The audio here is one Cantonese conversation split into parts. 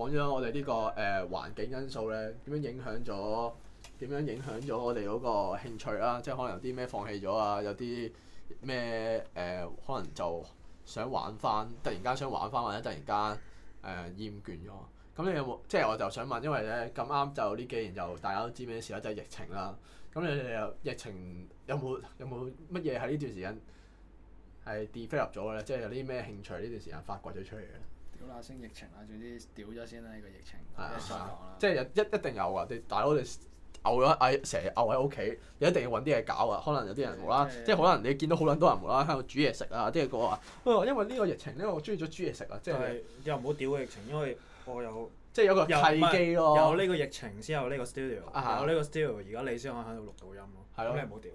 講咗我哋呢、這個誒、呃、環境因素咧，點樣影響咗？點樣影響咗我哋嗰個興趣啦？即係可能有啲咩放棄咗啊？有啲咩誒可能就想玩翻？突然間想玩翻，或者突然間誒、呃、厭倦咗？咁你有冇？即係我就想問，因為咧咁啱就呢幾年就大家都知咩事啦，就係、是、疫情啦。咁你哋又疫情有冇有冇乜嘢喺呢段時間係 develop 咗咧？即係有啲咩興趣呢段時間發掘咗出嚟嘅？好啦，升疫情啊，總之屌咗先啦！呢個疫情，即係啦。即係一一定有啊！我哋但係我哋嘔咗，成日嘔喺屋企，你一定要搵啲嘢搞啊！可能有啲人冇啦，就是、即係可能你見到好撚多人無啦喺度煮嘢食啊！啲人講話，因為呢個疫情咧，這個、我中意咗煮嘢食啊！即、就、係、是、又唔好屌個疫情，因為我有即係有個契機咯。有呢個疫情先有呢個 studio，有呢個 studio，而家你先可、哦、以喺度錄到音咯。係咯，你唔好屌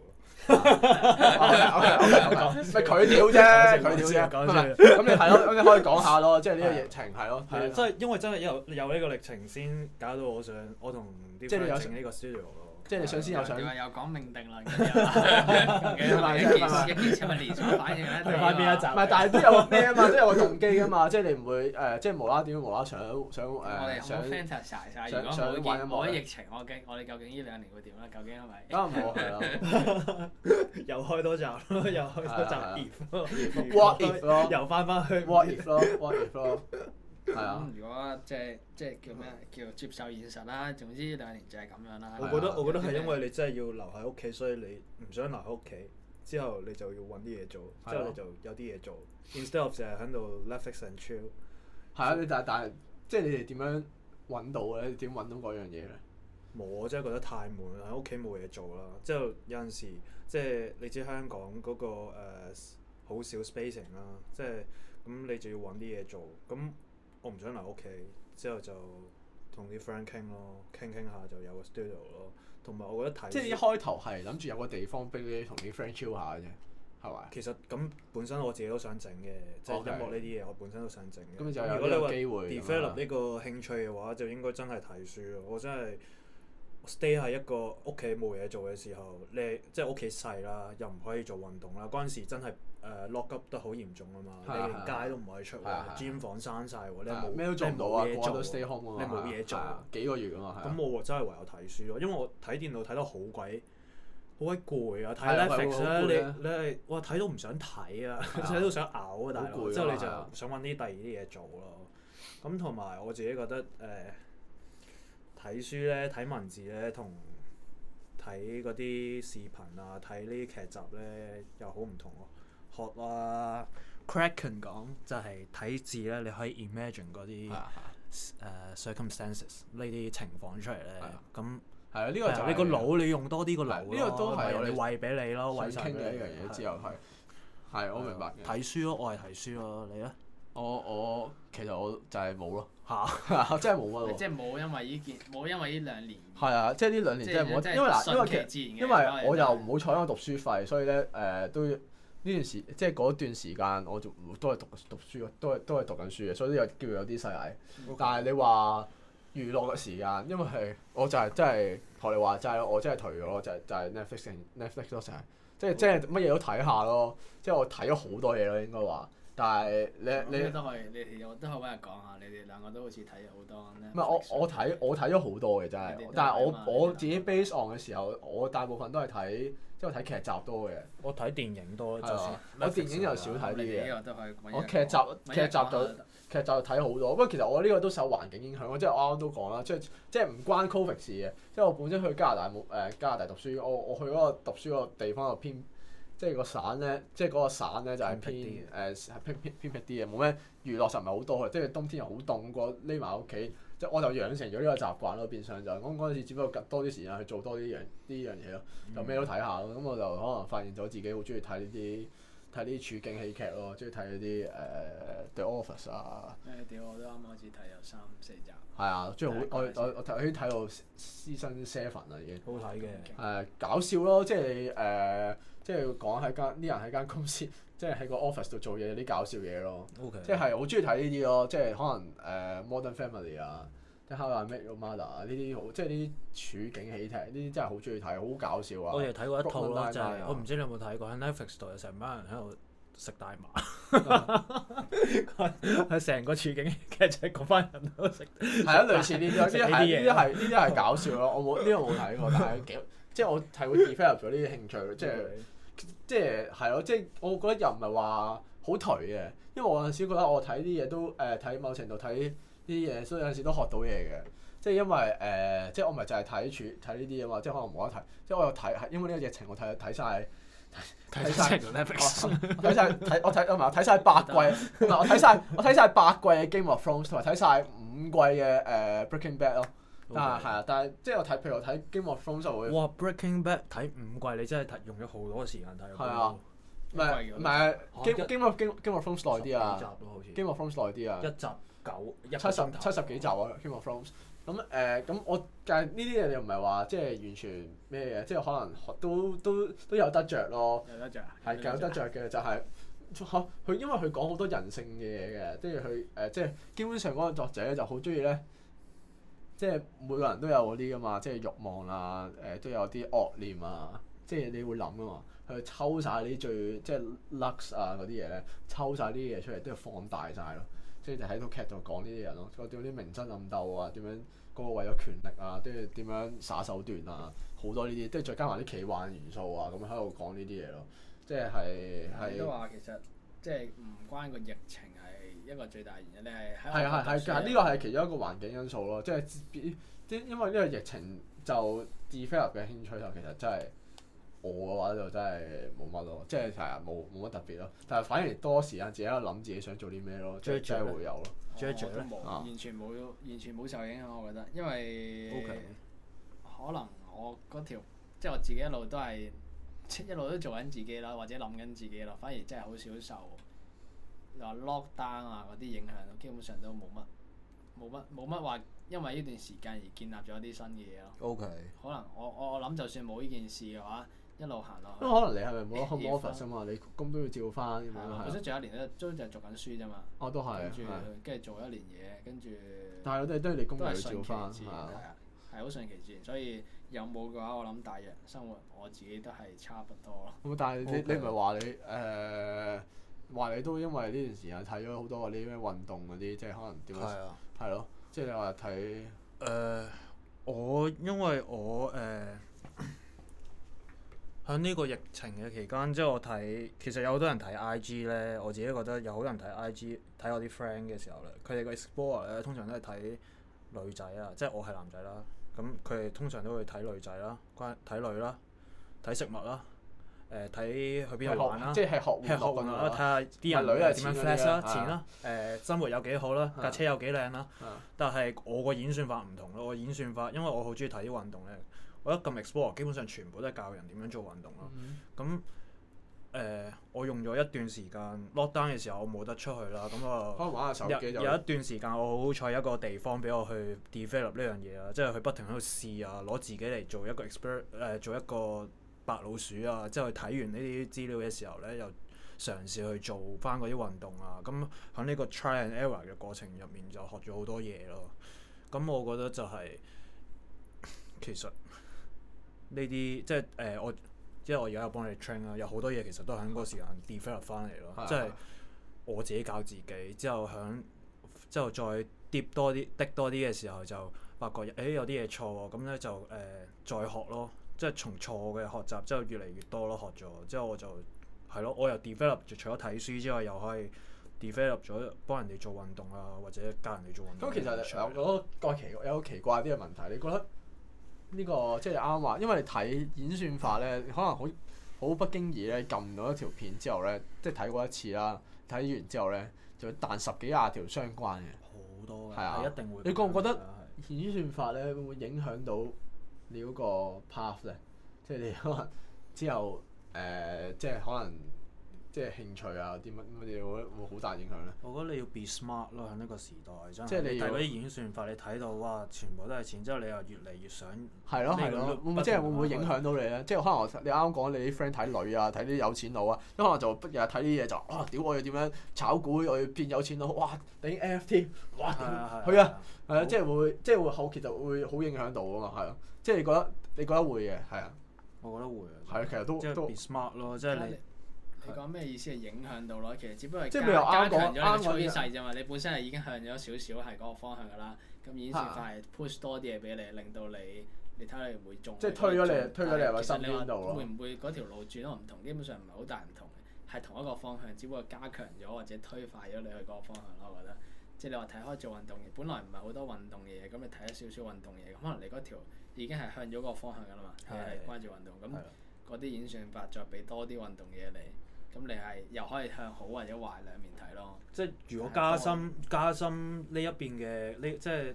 OK，OK，OK，OK，係佢屌啫，佢屌啫。講真。咁你係咯，咁你可以講下咯，即係呢個疫情係咯。係 對。即係 因為真係有 有呢個疫情先搞到我想我同啲 friend 成呢個 studio 咯。即係你上先又上，又講命定論咁樣嘅，係咪？一件事，一件事咪連鎖反應咧，定翻邊一集？唔係，但係都有個咩啊嘛，都有個動機啊嘛，即係你唔會誒，即係無啦點無啦想想誒，我哋冇 fantasy 晒晒，fantasy 曬，冇咗疫情，我驚我哋究竟呢兩年會點咧？究竟係咪？咁冇係啦，又開多集，又開多集 if 又翻翻去 what if 咯，what if 咯。係啊、嗯！如果即係即係叫咩叫接受現實啦、啊，總之兩年就係咁樣啦、啊。我覺得、啊、我覺得係因為你真係要留喺屋企，所以你唔想留喺屋企，之後你就要揾啲嘢做，啊、之後你就有啲嘢做。 instead of 成日喺度 Netflix and chill。 啊！你但但係，即係你哋點樣揾到嘅？你點揾到嗰樣嘢咧？冇啊！我真係覺得太悶啦，喺屋企冇嘢做啦。之後有陣時即係你知香港嗰、嗰個好、uh, 少 spacing 啦，即係咁你就要揾啲嘢做咁。我唔想留屋企，之後就同啲 friend 傾咯，傾傾下就有個 studio 咯。同埋我覺得睇即係一開頭係諗住有個地方俾你同啲 friend chill 下嘅啫，係咪？其實咁本身我自己都想整嘅，Okay. 即係音樂呢啲嘢我本身都想整嘅。咁你如果你有機會？develop 呢個興趣嘅話，就應該真係睇書咯。我真係。stay 係一個屋企冇嘢做嘅時候，你即係屋企細啦，又唔可以做運動啦。嗰陣時真係誒 lock up 得好嚴重啊嘛，你連街都唔可以出，gym 房閂晒喎，你冇咩都做唔到啊，你冇嘢做，幾個月啊嘛，咁我真係唯有睇書咯，因為我睇電腦睇得好鬼好鬼攰啊，睇 Netflix 你你係哇睇到唔想睇啊，睇到想嘔啊，但係之後你就想搵啲第二啲嘢做咯。咁同埋我自己覺得誒。睇書咧，睇文字咧，同睇嗰啲視頻啊，睇呢啲劇集咧，又好唔同喎。學啊，Cracken 講就係睇字咧，你可以 imagine 嗰啲誒 circumstances 呢啲情況出嚟咧。咁係啊，呢個就你個腦，你用多啲個腦。呢個都係你喂俾你咯，喂曬。傾嘅一樣嘢，之後係係我明白。睇書咯，我係睇書咯，你咧？我我其實我就係冇咯，嚇，真係冇乜喎。即係冇因為呢件，冇因為呢兩年。係 啊，即係呢兩年即係冇，因為嗱，因為其實因為我又唔好彩，因為讀書費，所以咧誒、呃、都呢段時即係嗰段時間我，我仲都係讀讀書咯，都係都係讀緊書嘅，所以都又叫有啲細藝。但係你話娛樂嘅時間，因為係我就係真係學你話，就係、是就是、我真係頹咗，就係、是、就係、是、Net Netflix，Netflix 都成日，即係即係乜嘢都睇下咯，即、就、係、是、我睇咗好多嘢咯，應該話。但係你你都可以，你哋都可以揾人講下，你哋兩個都好似睇咗好多，唔係我我睇我睇咗好多嘅真係，但係我我自己 based on 嘅時候，我大部分都係睇即我睇劇集多嘅，我睇電影多咗先。我電影又少睇啲嘅，我劇集劇集就劇集就睇好多。不過其實我呢個都受環境影響，即係啱啱都講啦，即係即係唔關 Covid 事嘅。即係我本身去加拿大冇誒加拿大讀書，我我去嗰個讀書嗰個地方又偏。即係個省呢，即係嗰個省呢，就係、是就是、偏誒、呃、偏偏偏僻啲嘅，冇咩娛樂實唔係好多嘅，即係冬天又好凍過，匿埋喺屋企。即係我就養成咗呢個習慣咯，變相就咁，嗰陣時只不過多啲時間去做多啲樣呢樣嘢咯，就咩都睇下咯。咁、嗯、我就可能發現咗自己好中意睇呢啲，睇啲處境喜劇咯，中意睇嗰啲誒 The Office 啊。誒屌、嗯！我都啱開始睇有三四集。係啊，即係好對我我我頭先睇到 Season Seven 啦已經。好睇嘅、呃。搞笑咯，即係你、呃、即係講喺間啲人喺間公司，即係喺個 office 度做嘢有啲搞笑嘢咯，Okay。咯。即係好中意睇呢啲咯，即係可能誒、呃、Modern Family 啊。即係啲《How I Met Your Mother》呢啲好，即係呢啲處境喜劇，呢啲真係好中意睇，好搞笑啊！我哋睇過一套啦，就係、是、戲我唔知你有冇睇過喺 Netflix 度有成班人喺度食大麻，佢成、嗯、哈 個處境劇，即係講翻班人都食，係啊 馬，類似呢啲，呢啲係呢啲係搞笑咯。我冇呢個冇睇過，但係幾即係 我係會 develop 咗呢啲興趣，即係即係係咯，即、就、係、是就是、我覺得又唔係話好頹嘅，因為我有陣時覺得我睇啲嘢都誒睇某程度睇。啲嘢，所以有陣時都學到嘢嘅，即係因為誒，即係我咪就係睇處睇呢啲嘢嘛，即係可能冇得睇，即係我又睇，因為呢個疫情我睇睇晒睇晒，睇晒，睇我睇我唔係話睇晒八季，我睇晒，我睇晒八季嘅 Game of Thrones，同埋睇晒五季嘅誒 Breaking Bad 咯。但係係啊，但係即係我睇，譬如我睇 Game of Thrones 就會哇 Breaking Bad 睇五季，你真係用咗好多時間睇。係啊，唔係唔係，Game of Game Game of Thrones 耐啲啊，Game of Thrones 耐啲啊，一集。九 70, 七十七十幾集啊，啊《King of Thrones》咁誒，咁、呃、我介呢啲嘢又唔係話即係完全咩嘢，即係可能都都都有得着咯，有得，有得著係是有得着嘅，就係、是、佢、啊、因為佢講好多人性嘅嘢嘅，跟住佢誒即係基本上嗰個作者咧就好中意咧，即係每個人都有嗰啲噶嘛，即係慾望啊，誒、呃、都有啲惡念啊，即係你會諗噶嘛，佢抽晒你最即係 lux 啊嗰啲嘢咧，抽曬啲嘢出嚟都放大晒咯。即係就喺套劇度講呢啲人咯，講啲明爭暗鬥啊，點樣嗰個為咗權力啊，跟住點樣耍手段啊，好多呢啲，即係再加埋啲奇幻元素啊，咁喺度講呢啲嘢咯，即係係。都話其實即係唔關個疫情係一個最大原因，你係喺係係呢個係其中一個環境因素咯，即係因因為呢個疫情就 develop 嘅興趣就其實真係。冇嘅話就真係冇乜咯，即係成日冇冇乜特別咯。但係反而多時間自己喺度諗自己想做啲咩咯，即係會有咯。做一做咧，完全冇、啊、完全冇受影響。我覺得，因為 Okay. 可能我嗰條即係我自己一路都係一路都做緊自己啦，或者諗緊自己啦。反而真係好少受話 lockdown 啊嗰啲影響，基本上都冇乜冇乜冇乜話因為呢段時間而建立咗啲新嘅嘢咯。OK，可能我我我諗就算冇呢件事嘅話。一路行落，因為可能你係咪冇得 home office 啊嘛？你工都要照翻咁樣係。我想做一年都就係做緊書啫嘛。哦，都係。跟住，做一年嘢，跟住。但係我都係都係你工都要照翻。係。係好順其自然，所以有冇嘅話，我諗大約生活我自己都係差不多咯。咁但係你你唔係話你誒話你都因為呢段時間睇咗好多嗰啲咩運動嗰啲，即係可能點樣啊？係啊。係咯，即係你話睇。誒，我因為我誒。喺呢個疫情嘅期間，即係我睇，其實有好多人睇 IG 咧。我自己覺得有好多人睇 IG 睇我啲 friend 嘅時候咧，佢哋嘅 explorer 通常都係睇女仔啦，即係我係男仔啦。咁佢哋通常都會睇女仔啦，關睇女啦，睇食物啦，誒睇去邊度玩啦，即係學運動啦，睇下啲人女係點樣 flash 啦，錢啦，誒生活有幾好啦，架車有幾靚啦。但係我個演算法唔同咯，我個演算法因為我好中意睇啲運動咧。我覺得撳 explore 基本上全部都係教人點樣做運動咯。咁誒、mm hmm. 呃，我用咗一段時間 lock down 嘅時候，我冇得出去啦。咁啊，可以玩下手機有，有一段時間我好彩，一個地方俾我去 develop 呢樣嘢啊，即係佢不停喺度試啊，攞自己嚟做一個 explore 誒、呃，做一個白老鼠啊。即係睇完呢啲資料嘅時候咧，又嘗試去做翻嗰啲運動啊。咁喺呢個 try and error 嘅過程入面，就學咗好多嘢咯。咁我覺得就係、是、其實。呢啲即係誒、呃、我，即係我而家有幫你 train 啦，有好多嘢其實都喺嗰個時間 develop 翻嚟咯， 即係我自己搞自己，之後響之後再跌多啲，滴多啲嘅時候就發覺，誒、欸、有啲嘢錯，咁咧就誒、呃、再學咯，即係從錯嘅學習之後越嚟越多咯，學咗之後我就係咯，我又 develop 除咗睇書之外，又可以 develop 咗幫人哋做運動啊，或者教人哋做運動啊。咁其實誒，除咗個，個奇有奇怪啲嘅問題，你覺得？呢個即係啱話，因為睇演算法咧，可能好好不經意咧，撳到一條片之後咧，即係睇過一次啦，睇完之後咧，就會彈十幾廿條相關嘅，好多嘅係啊，一定會。你覺唔覺得演算法咧會唔會影響到你嗰個 path 咧？即係你可能之後誒、呃，即係可能。即係興趣啊，啲乜乜嘢，我覺得會好大影響咧。我覺得你要 be smart 咯，喺呢個時代即係睇嗰啲演算法，你睇到哇，全部都係錢，之後你又越嚟越想係咯係咯，會唔即係會唔會影響到你咧？即係可能你啱講，你啲 friend 睇女啊，睇啲有錢佬啊，可能就日日睇啲嘢就哇，屌我要點樣炒股，我要變有錢佬哇，頂 NFT 哇，係啊係啊，即係會即係會後期就會好影響到啊嘛，係咯，即係你覺得你覺得會嘅係啊，我覺得會啊，係啊，其實都都 be smart 咯，即係你。你講咩意思？係影響到咯，其實只不過加即不過加強咗你嘅趨勢啫嘛。過你本身係已經向咗少少係嗰個方向噶啦，咁演算法係 push 多啲嘢俾你，令到你你睇下你會唔會中。即係推咗你，推咗你係個新邊度咯？會唔會嗰條路轉咗唔同？嗯、基本上唔係好大唔同嘅，係同一個方向，只不過加強咗或者推快咗你去嗰個方向咯。我覺得，即係你話睇開做運動，本來唔係好多運動嘢，咁你睇咗少少運動嘢，咁可能你嗰條已經係向咗嗰個方向噶啦嘛，係的關注運動，咁嗰啲演算法再俾多啲運動嘢你。咁你係又可以向好或者壞兩面睇咯。即係如果加深加深呢一邊嘅呢，即係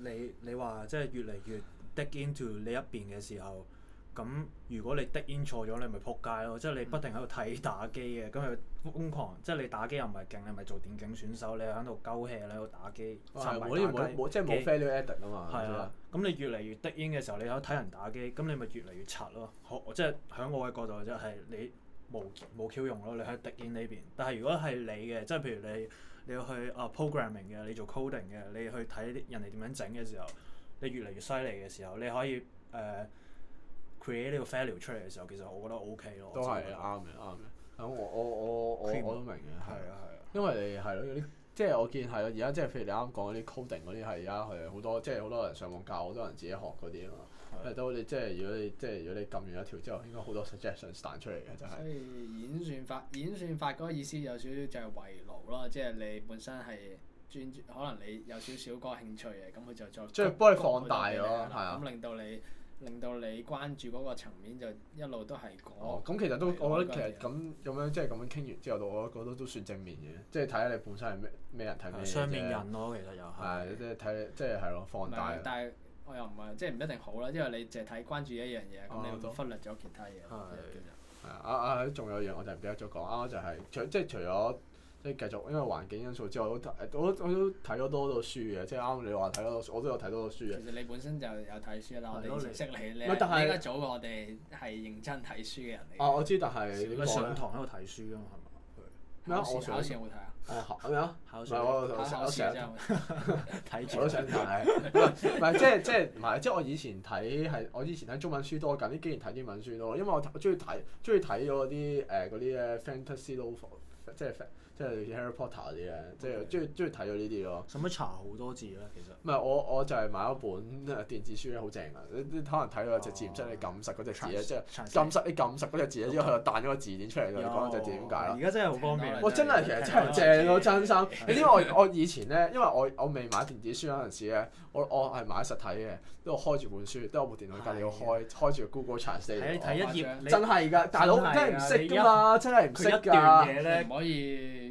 你你話即係越嚟越 dig into 呢一邊嘅時候，咁如果你 dig in 錯咗，你咪撲街咯。即係你不停喺度睇打機嘅，咁係瘋狂。即係你打機又唔係勁，你咪做電競選手，你喺度鳩氣喺度打機，沉迷打機。係、哦，嗰啲冇冇即係冇 value add 啊嘛。係啊，咁你越嚟越 dig in 嘅時候，你喺度睇人打機，咁你咪越嚟越柒咯。就是、我即係喺我嘅角度即係你。冇冇 Q 用咯，你喺電影呢邊。但係如果係你嘅，即係譬如你你要去啊、uh, programming 嘅，你做 coding 嘅，你去睇人哋點樣整嘅時候，你越嚟越犀利嘅時候，你可以誒、uh, create 呢個 value 出嚟嘅時候，其實我覺得 OK 咯。都係啱嘅，啱嘅。咁對我我我 laim 我都明嘅，係啊係啊。因為你係咯，啲即係我見係咯，而家即係譬如你啱講嗰啲 coding 嗰啲係而家係好多，即係好多人上網教，好多人自己學嗰啲啊嘛。誒都你即係如果你即係如果你撳完一條之後，應該好多 suggestion 彈出嚟嘅就係、是。所以演算法演算法嗰個意思有少少就係圍爐咯，即係你本身係專，可能你有少少嗰個興趣嘅，咁佢就再即係幫你放大咯，係啊，咁的令到你令到你關注嗰個層面就一路都係講、那個。咁、哦、其實都的我覺得其實咁咁樣即係咁樣傾完之後，我覺得都算正面嘅，即係睇下你本身係咩咩人睇咩嘢嘅。上面人咯、啊，其實又係的、就是。即係睇，即係係咯，放大但係。我又唔係即係唔一定好啦，因為你淨係睇關注一、哦、樣嘢，咁你會忽略咗其他嘢。係係啊啊！仲有樣我就唔記得咗講啊，就係、是、除即係除咗即係繼續因為環境因素之外，我我我都睇咗多套書嘅，即係啱啱你話睇多套書，我都有睇多套書嘅。書其實你本身就有睇書啦，的我哋認識你，你比較早過我哋係認真睇書嘅人嚟。啊，我知，但係點解上堂喺度睇書啊？係咪？咩試啊？我成日會睇啊！咩水我考考我成我成日睇，我都想睇，唔係即係即係唔係即我以前睇係我以前睇中文書多，近幾年睇英文書多。因為我我中意睇中意睇嗰啲誒嗰啲咧 fantasy novel，即係。即係 Harry Potter 啲咧，即係中意中意睇到呢啲咯。使乜查好多字咧？其實唔係，我我就係買咗本電子書咧，好正噶。你可能睇到隻字唔識，你撳實嗰隻字咧，即係撳實你撳實嗰隻字咧，之後佢就彈咗個字典出嚟，你講嗰隻字點解。而家真係好方便。哇！真係其實真係正咯，真心。你知我以前咧，因為我我未買電子書嗰陣時咧，我我係買實體嘅，因為我開住本書，都有部電腦喺隔離度開開住 Google 查詞典。睇一頁真係㗎，大佬真係唔識㗎嘛，真係唔識㗎。嘢咧唔可以。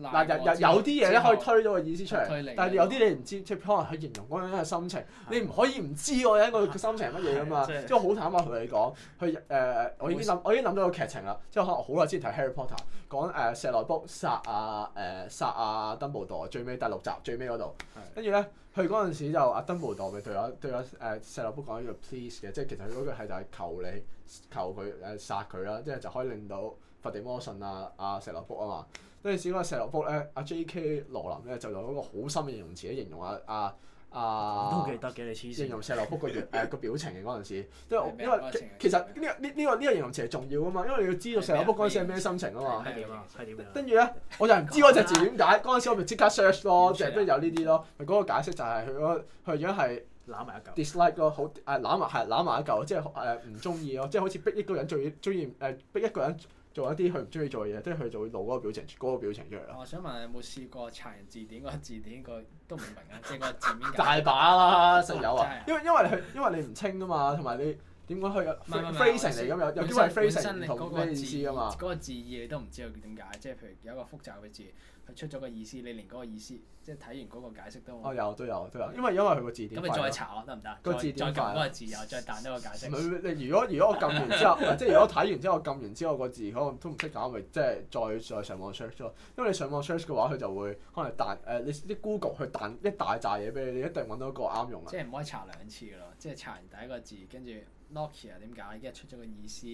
嗱，日日有啲嘢咧可以推到個意思出嚟，後但係有啲你唔知，來即係可能佢形容嗰個人嘅心情。的你唔可以唔知我一個人嘅心情係乜嘢噶嘛？的即係好坦白同的你講，佢誒、呃，我已經諗，會我已經諗到個劇情啦。即係可能好耐之前睇《Harry Potter》，講、呃、誒石內卜殺阿、啊、誒、呃、殺阿、啊、鄧布多，最尾第六集最尾嗰度。跟住咧，佢嗰陣時就阿鄧布多咪對咗對咗誒、呃、石內卜講一句 please 嘅，即係其實佢嗰句係就係求你求佢誒殺佢啦，即係就可以令到伏地魔信啊阿、啊、石內卜啊嘛。嗰陣時嗰個石樂福咧，阿 J.K. 羅琳咧就用一個好深嘅形容詞形容阿啊，阿，都記得嘅你黐線，形容石樂福個誒個表情嗰陣時，因為因為其實呢呢呢個呢個形容詞係重要啊嘛，因為你要知道石樂福嗰陣時係咩心情啊嘛，係點啊？係點？跟住咧，我就係唔知嗰隻字點解嗰陣時我咪即刻 search 咯，即係都有呢啲咯。佢嗰個解釋就係佢個佢而家係攬埋一嚿 dislike 咯，好誒攬埋係攬埋一嚿，即係誒唔中意咯，即係好似逼一個人最中意誒逼一個人。做一啲佢唔中意做嘅嘢，即係佢就會露嗰個表情，嗰個表情出嚟啦。我想問你有冇試過查人字典，字典？個字典個都唔明啊，即係個字面解。大把啦，嗯、實有啊，嗯、因為因為佢因為你唔清啊嘛，同埋你。點解佢有，唔係唔係，飛城嚟咁有，因為飛城同咩意思啊嘛？嗰個字意你都唔知道點解，即係譬如有一個複雜嘅字，佢出咗個意思，你連嗰個意思，即係睇完嗰個解釋都……哦，有都有都有，因為因為佢個字典快啦。咁你再查我得唔得啊？再撳嗰個字，又再彈一個解釋。你如果如果我撳完之後，即係如果睇完之後撳完之後個字，可能都唔識搞咪即係再再上網 search 咗？因為你上網 search 嘅話，佢就會可能彈誒，你啲 Google 去彈一大扎嘢俾你，你一定揾到一個啱用啦。即係唔可以查兩次嘅咯，即係查完第一個字跟住。Nokia 點解？一出咗個意思，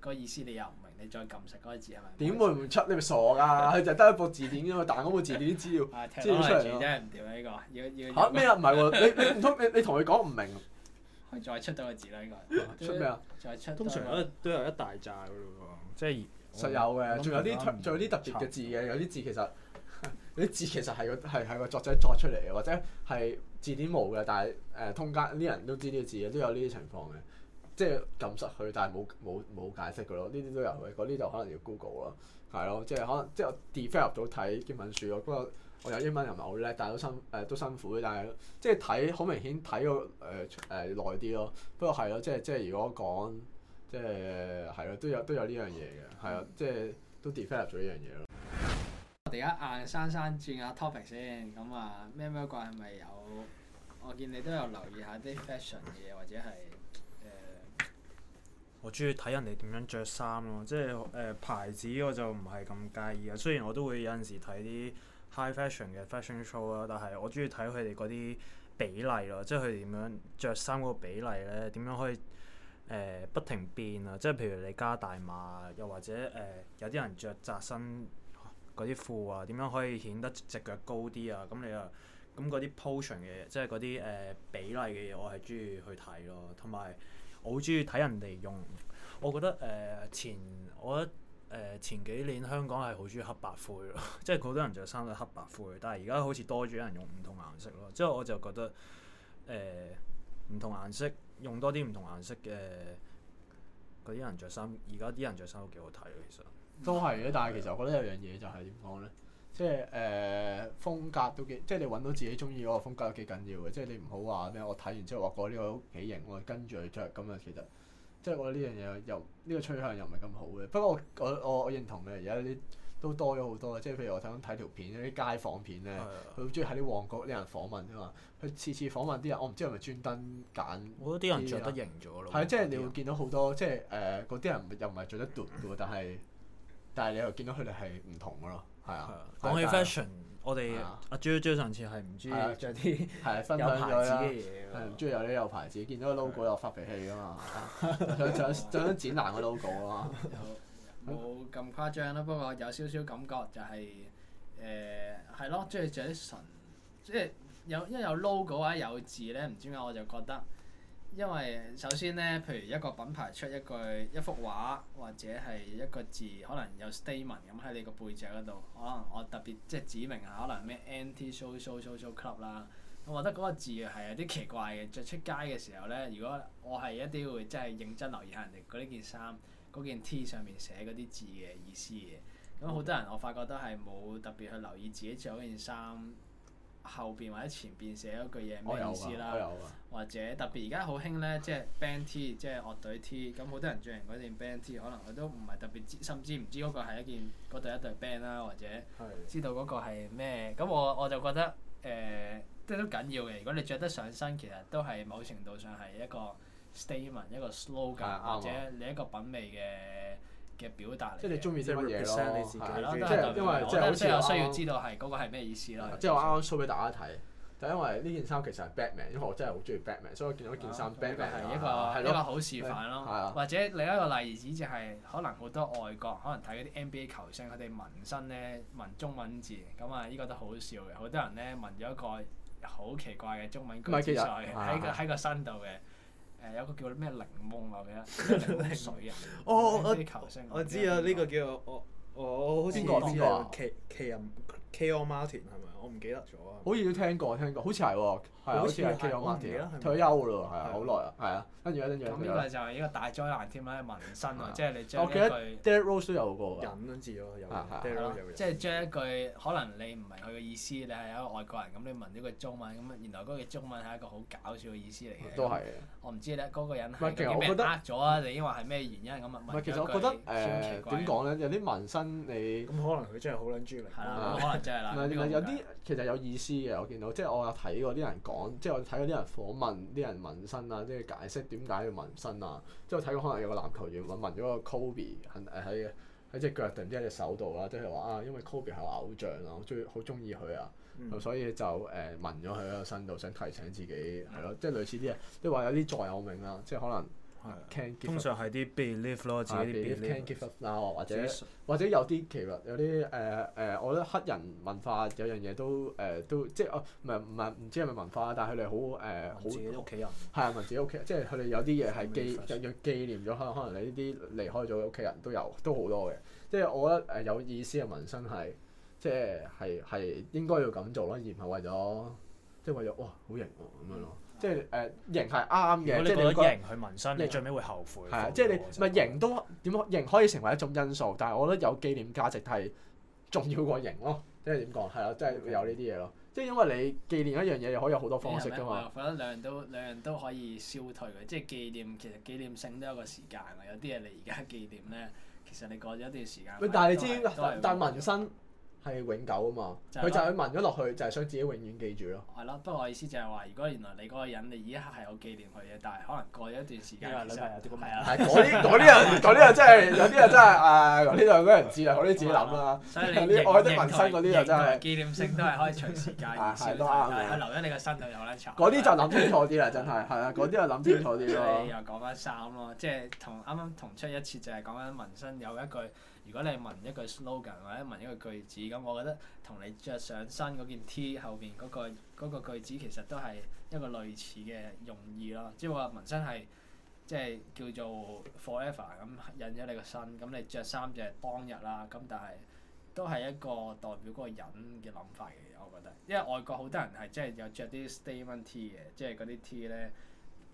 個意思你又唔明，你再撳實嗰個字係咪？點會唔出？你咪傻噶！佢就得一部字典啫嘛，但係我部字典資料，資料出嚟咯。真係唔掂呢個要要嚇咩啊？唔係喎，你你唔通你你同佢講唔明？佢再出到個字啦！呢個出咩啊？再出，通常都有一大紮噶咯喎。即係實有嘅，仲有啲仲有啲特別嘅字嘅，有啲字其實有啲字其實係個係係個作者作出嚟嘅，或者係字典冇嘅，但係誒通街啲人都知呢個字嘅，都有呢啲情況嘅。即係撳實佢，但係冇冇冇解釋佢咯。呢啲都有嘅，嗰啲就可能要 Google 咯，係咯。即係可能即係 develop 咗睇英文書咯。不過我有英文又唔係好叻，但係都辛誒都辛苦，但係即係睇好明顯睇個誒耐啲咯。不過係咯，即係即係如果講即係係咯，都有都有呢樣嘢嘅，係啊，即係都 develop 咗呢樣嘢咯。我哋而家硬生生轉下 topic 先，咁啊，咩咩怪係咪有？我見你都有留意下啲 fashion 嘅嘢或者係。我中意睇人哋點樣著衫咯，即係誒、呃、牌子我就唔係咁介意啊。雖然我都會有陣時睇啲 high fashion 嘅 fashion show 啊，但係我中意睇佢哋嗰啲比例咯，即係佢哋點樣著衫嗰個比例咧，點樣可以誒、呃、不停變啊！即係譬如你加大碼，又或者誒、呃、有啲人著窄身嗰啲褲啊，點樣可以顯得隻腳高啲啊？咁你啊，咁嗰啲 portion 嘅，即係嗰啲誒比例嘅嘢，我係中意去睇咯，同埋。我好中意睇人哋用，我覺得誒、呃、前我誒、呃、前幾年香港係好中意黑白灰咯，即係好多人着衫都黑白灰。但係而家好似多咗人用唔同顏色咯，即係我就覺得誒唔、呃、同顏色用多啲唔同顏色嘅嗰啲人着衫，而家啲人着衫都幾好睇，其實都係咧。但係其實我覺得有樣嘢就係點講咧？即係誒、呃、風格都幾，即係你揾到自己中意嗰個風格都幾緊要嘅。即係你唔好話咩，我睇完之後話嗰呢個幾型，我跟住去着。」咁啊其實即係我覺得呢樣嘢又呢、呢個趨向又唔係咁好嘅。不過我我我，我認同咧，而家啲都多咗好多。即係譬如我睇緊睇條片，啲街訪片咧，佢好中意喺啲旺角啲人訪問啫嘛。佢次次訪問啲人，我唔知係咪專登揀。我覺得啲人著得型咗咯。係、嗯、即係你會見到好多，即係誒嗰啲人又唔係著得奪嘅喎，但係但係你又見到佢哋係唔同嘅咯。係啊，講起 fashion，我哋阿 JoJo 上次係唔中意著啲有牌子嘅嘢，係唔中意有啲有牌子，見到個 logo 又發脾氣噶嘛，仲吧 有仲有剪爛個 logo 咯，冇咁誇張咯，不過有少少感覺就係誒係咯，中意著啲純，即係有因為有 logo 啊有字咧，唔知點解我就覺得。因為首先呢，譬如一個品牌出一句一幅畫或者係一個字，可能有 statement 咁喺你個背脊嗰度，可能我特別即係指明下，可能咩 Anti Social Social Club 啦，我覺得嗰個字係有啲奇怪嘅。著出街嘅時候呢，如果我係一啲會真係認真留意下人哋嗰呢件衫嗰件 T 上面寫嗰啲字嘅意思嘅，咁好多人我發覺都係冇特別去留意自己著嗰件衫。後邊或者前邊寫嗰句嘢咩意思啦，或者特別而家好興呢，即係 band T，即係樂隊 T，咁好多人著完嗰件 band T，可能佢都唔係特別知，甚至唔知嗰個係一件嗰對一對 band 啦，或者知道嗰個係咩。咁我的我就覺得誒，即係都緊要嘅。如果你著得上身，其實都係某程度上係一個 statement，一個 slogan，的或者你一個品味嘅。嘅表達嚟，即係你中意啲乜嘢咯？係咯，即係因為即係好似我需要知道係嗰個係咩意思咯。即係我啱啱 show 俾大家睇，就因為呢件衫其實係 Batman，因為我真係好中意 Batman，所以我見到件衫 Batman 係一個比較好示範咯。或者另一個例子就係，可能好多外國可能睇嗰啲 NBA 球星，佢哋紋身咧紋中文字，咁啊呢個都好笑嘅。好多人咧紋咗一個好奇怪嘅中文字上喺個喺個身度嘅。誒、呃、有個叫咩檸檬啊，我記得檸檬水啊， 哦，我知啊，呢個叫哦，我，好似講過，奇奇人 K O Martin 係咪？ 唔記得咗啊！好似都聽過聽過，好似係喎，係啊，好似係 K.O. Martin 退休嘅咯，係啊，好耐啊，係啊，跟住跟住咁呢個就係一個大災難添啦，紋身啊，即係你將一句。我記得 Dad Rose 都有過嘅。忍字咯，有 Dad Rose 有。即係將一句可能你唔明佢嘅意思，你係一個外國人咁，你紋咗個中文咁，原來嗰句中文係一個好搞笑嘅意思嚟嘅。都係。我唔知咧，嗰個人係幾被呃咗啊？定已經話係咩原因咁啊？其實我覺得誒點講咧，有啲紋身你。咁可能佢真係好撚豬嚟，可能真係嗱。有啲。其實有意思嘅，我見到，即係我有睇過啲人講，即係我睇過啲人訪問啲人紋身啊，即係解釋點解要紋身啊。即係我睇過可能有個籃球員紋咗個 Kobe 喺喺隻腳定唔知喺隻手度啦，即係話啊，因為 Kobe 係我偶像啊，好中好中意佢啊，咁所以就誒紋咗佢喺個身度，想提醒自己係咯，即係類似啲嘢，即都話有啲座右銘啦，即係可能。Can give 通常係啲 belief 咯，自己啲 belief 啊，或者 Jesus. 或者有啲其實有啲誒誒，我覺得黑人文化有樣嘢都誒、呃、都即係我唔係唔係唔知係咪文化，但係佢哋好誒好自己屋企人，係啊、嗯，問自己屋企人， 即係佢哋有啲嘢係紀念咗，可能你呢啲離開咗嘅屋企人都有都好多嘅，即係我覺得誒有意思嘅紋身係即係係係應該要咁做咯，而唔係為咗即係為咗哇，哇好型喎咁樣咯。即係誒、呃，型係啱嘅，即係你型去紋身，你，你最尾會後悔。係啊的，即係你咪型都點？型可以成為一種因素，但係我覺得有紀念價值係重要過型咯。 即係點講？係啊，即係有呢啲嘢咯。即係因為你紀念一樣嘢，你可以有好多方式㗎嘛、嗯。我覺得兩樣都兩樣都可以消退嘅，即係紀念其實紀念性都有個時間。有啲嘢你而家紀念咧，其實你過咗一段時間。但係你知，但係紋身。係永久啊嘛，佢就係紋咗落去，就係想自己永遠記住咯。係咯，不過我意思就係話，如果原來你嗰個人，你而家係有紀念佢嘅，但係可能過咗一段時間，係啊，嗰啲嗰啲人，嗰啲人真係有啲人真係誒，呢度嗰啲人知啊，嗰啲自己諗啦，所以啲愛的紋身嗰啲就真係紀念性都係可以長時間，係係都留喺你個身度又咧嗰啲就諗清楚啲啦，真係係啊，嗰啲就諗清楚啲咯。又講翻衫咯，即係同啱啱同出一次，就係講緊紋身有一句。如果你係紋一句 slogan 或者紋一句句子咁，我覺得同你著上身嗰件 T 後邊嗰、嗰個嗰、嗰個句子其實都係一個類似嘅用意咯、即係。即係話紋身係即係叫做 forever 咁印咗你個身咁，你著衫就係當日啦。咁但係都係一個代表嗰個人嘅諗法嚟嘅。我覺得，因為外國好多人係真係有着啲 statement T 嘅，即係嗰啲 T 呢，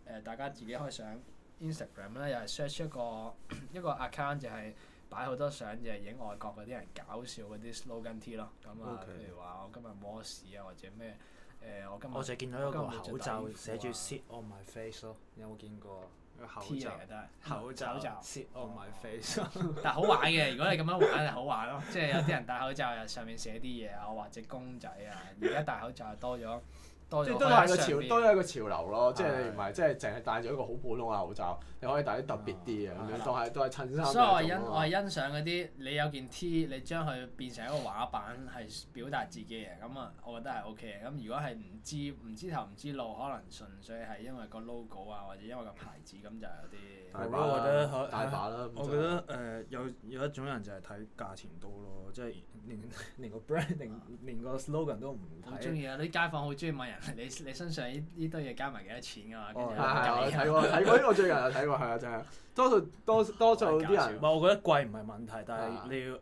誒，大家自己可以上 Instagram 啦，又係 search 一個一個 account 就係、係。擺好多相就係影外國嗰啲人搞笑嗰啲 slogan T 咯，咁啊，譬如話我今日摩士啊，或者咩誒我今日我就見到一個口罩寫住 sit on my face 咯，你有冇見過？口罩啊，戴口罩 sit on my face，但好玩嘅，如果你咁樣玩係好玩咯，即係有啲人戴口罩又上面寫啲嘢啊，或者公仔啊，而家戴口罩多咗，多咗即都係多咗一個潮流咯，即係你唔係即係淨係戴咗一個好普通嘅口罩。可以帶啲特別啲嘅，咁樣都都係襯衫。所以我欣我係欣賞嗰啲你有件 T，你將佢變成一個畫板，係表達自己嘅。咁啊，我覺得係 O K 嘅。咁如果係唔知唔知頭唔知路，可能純粹係因為個 logo 啊，或者因為個牌子，咁就有啲。大把啦，我覺得。大把啦，我覺得誒有有一種人就係睇價錢多咯，即係連連個 brand，連連個 slogan 都唔睇。好中意啊！啲街坊好中意問人：你你身上呢呢堆嘢加埋幾多錢㗎嘛？哦，係係，睇過睇過，呢我最近又睇過。係啊，就係多數多多數啲人，唔係我覺得貴唔係問題， 但係你要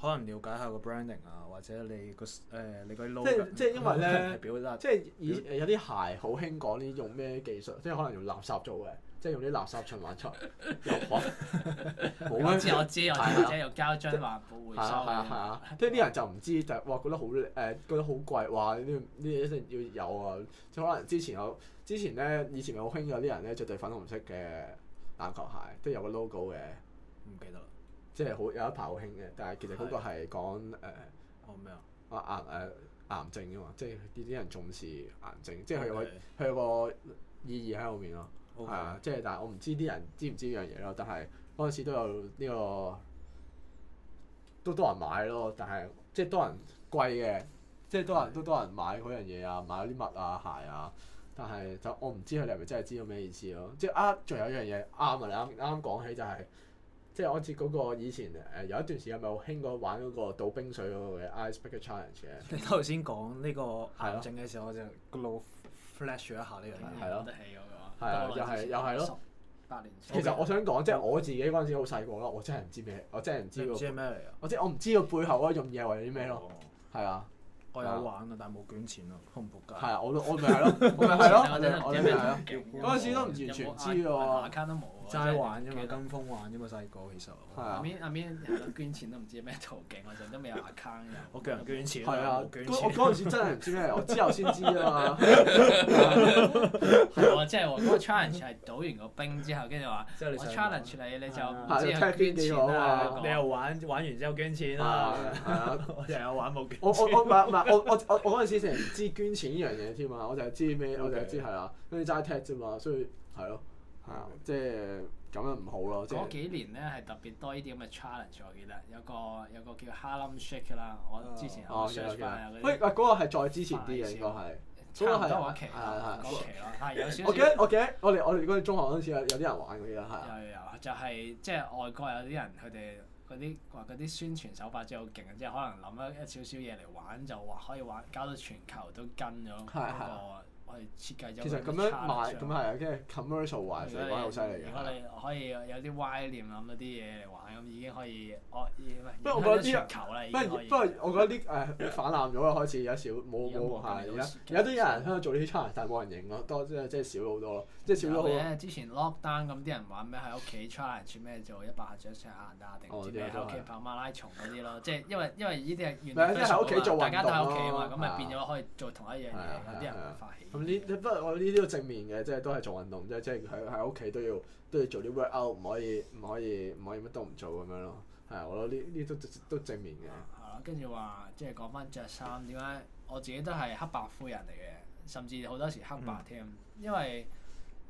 可能瞭解下個 branding 啊，或者你個誒、呃、你嗰啲 logo，即係即係因為咧，表達即係以有啲鞋好興講呢啲用咩技術， 即係可能用垃圾做嘅。即係用啲垃圾循環出，又哇！我知我知，我姐姐用膠樽環保回收。即係啲人就唔知，就哇覺得好誒，覺得好貴，哇呢啲呢啲一定要有啊！即係可能之前有之前咧，以前係好興有啲人咧著對粉紅色嘅籃球鞋，即係有個 logo 嘅。唔記得啦。即係好有一排好興嘅，但係其實嗰個係講咩啊？癌誒癌症啊嘛，即係啲啲人重視癌症，即係佢有佢有個意義喺後面咯。係 Okay. 啊，即係但係我唔知啲人知唔知呢樣嘢咯。但係嗰陣時都有呢、這個，都多人買咯。但係即係多人貴嘅，即係多人對都多人買嗰樣嘢啊，買啲襪啊、鞋啊。但係就我唔知佢哋係咪真係知道咩意思咯、啊。即係啊，仲有一樣嘢啱啊！你啱啱講起就係、是，即係好似嗰個以前誒、呃、有一段時間咪好興過玩嗰個倒冰水嗰、er、個嘅 Ice Bucket Challenge 嘅。你頭先講呢個癌症嘅時候，啊、我就個腦 flash 咗一下呢樣嘢。係咯、哦。係，又係，又係咯。其實我想講，即係我自己嗰陣時好細個咯，我真係唔知咩，我真係唔知。唔知係咩嚟啊？我即係我唔知個背後嗰種嘢為咗啲咩咯。係啊，我有玩啊，但係冇捐錢咯，好唔撲街。係啊，我都我咪係咯，我咪係咯，我咪係咯。嗰時都唔完全知喎，齋玩啫嘛，跟風玩啫嘛，細個其實。阿邊阿邊捐錢都唔知咩途徑，我仲都未有 account 又。我叫人捐錢。係啊，捐錢。我嗰陣時真係唔知咩，我之後先知啊嘛。係即係我嗰個 challenge 係倒完個冰之後，跟住話。即係你 challenge 你你就。唔知踢邊個啊？你又玩玩完之後捐錢啊？我又有玩冇捐。我我唔係唔係我我我我嗰陣時成日唔知捐錢呢樣嘢添嘛，我就係知咩，我就係知係啊，跟住齋踢啫嘛，所以係咯。即係咁樣唔好咯。嗰幾年呢係特別多呢啲咁嘅 challenge，我記得有個有個叫 Harlem Shake 啦。我之前好想玩啊嗰啲。喂，嗰個係再之前啲嘅應該係，嗰個係講奇啊，講奇咯。係有我記得我記得我哋我哋嗰陣中學嗰陣時有啲人玩嘅。有有有，係就係即係外國有啲人佢哋嗰啲話嗰啲宣傳手法真係好勁啊！即係可能諗一少少嘢嚟玩就話可以玩，搞到全球都跟咗嗰我哋設計咗。其實咁樣賣，咁係啊，跟住 commercial 玩，成班好犀利嘅。如果你可以有啲歪念諗一啲嘢嚟玩，咁已經可以。不過我覺得啲，不過不過我覺得啲誒泛濫咗啊，開始有少冇冇係。而家而家都有人喺度做呢啲 challenge，但係冇人影咯，多即係少咗好多咯，即係少咗好多。之前 lockdown 咁啲人玩咩喺屋企 challenge 咩做一百下 jump squats 定唔知咩喺屋企跑馬拉松嗰啲咯，即係因為因為呢啲係完全喺屋企，做，大家喺屋企啊嘛，咁咪變咗可以做同一樣嘢，有啲人會發起。呢，不過我呢啲都，都正面嘅，啊，即係都係做運動，即係即係喺喺屋企都要都要做啲 workout，唔可以唔可以唔可以乜都唔做咁樣咯。係啊，我覺得呢呢啲都都都正面嘅。係咯，跟住話即係講翻着衫，點解我自己都係黑白灰人嚟嘅，甚至好多時黑白添，嗯、因為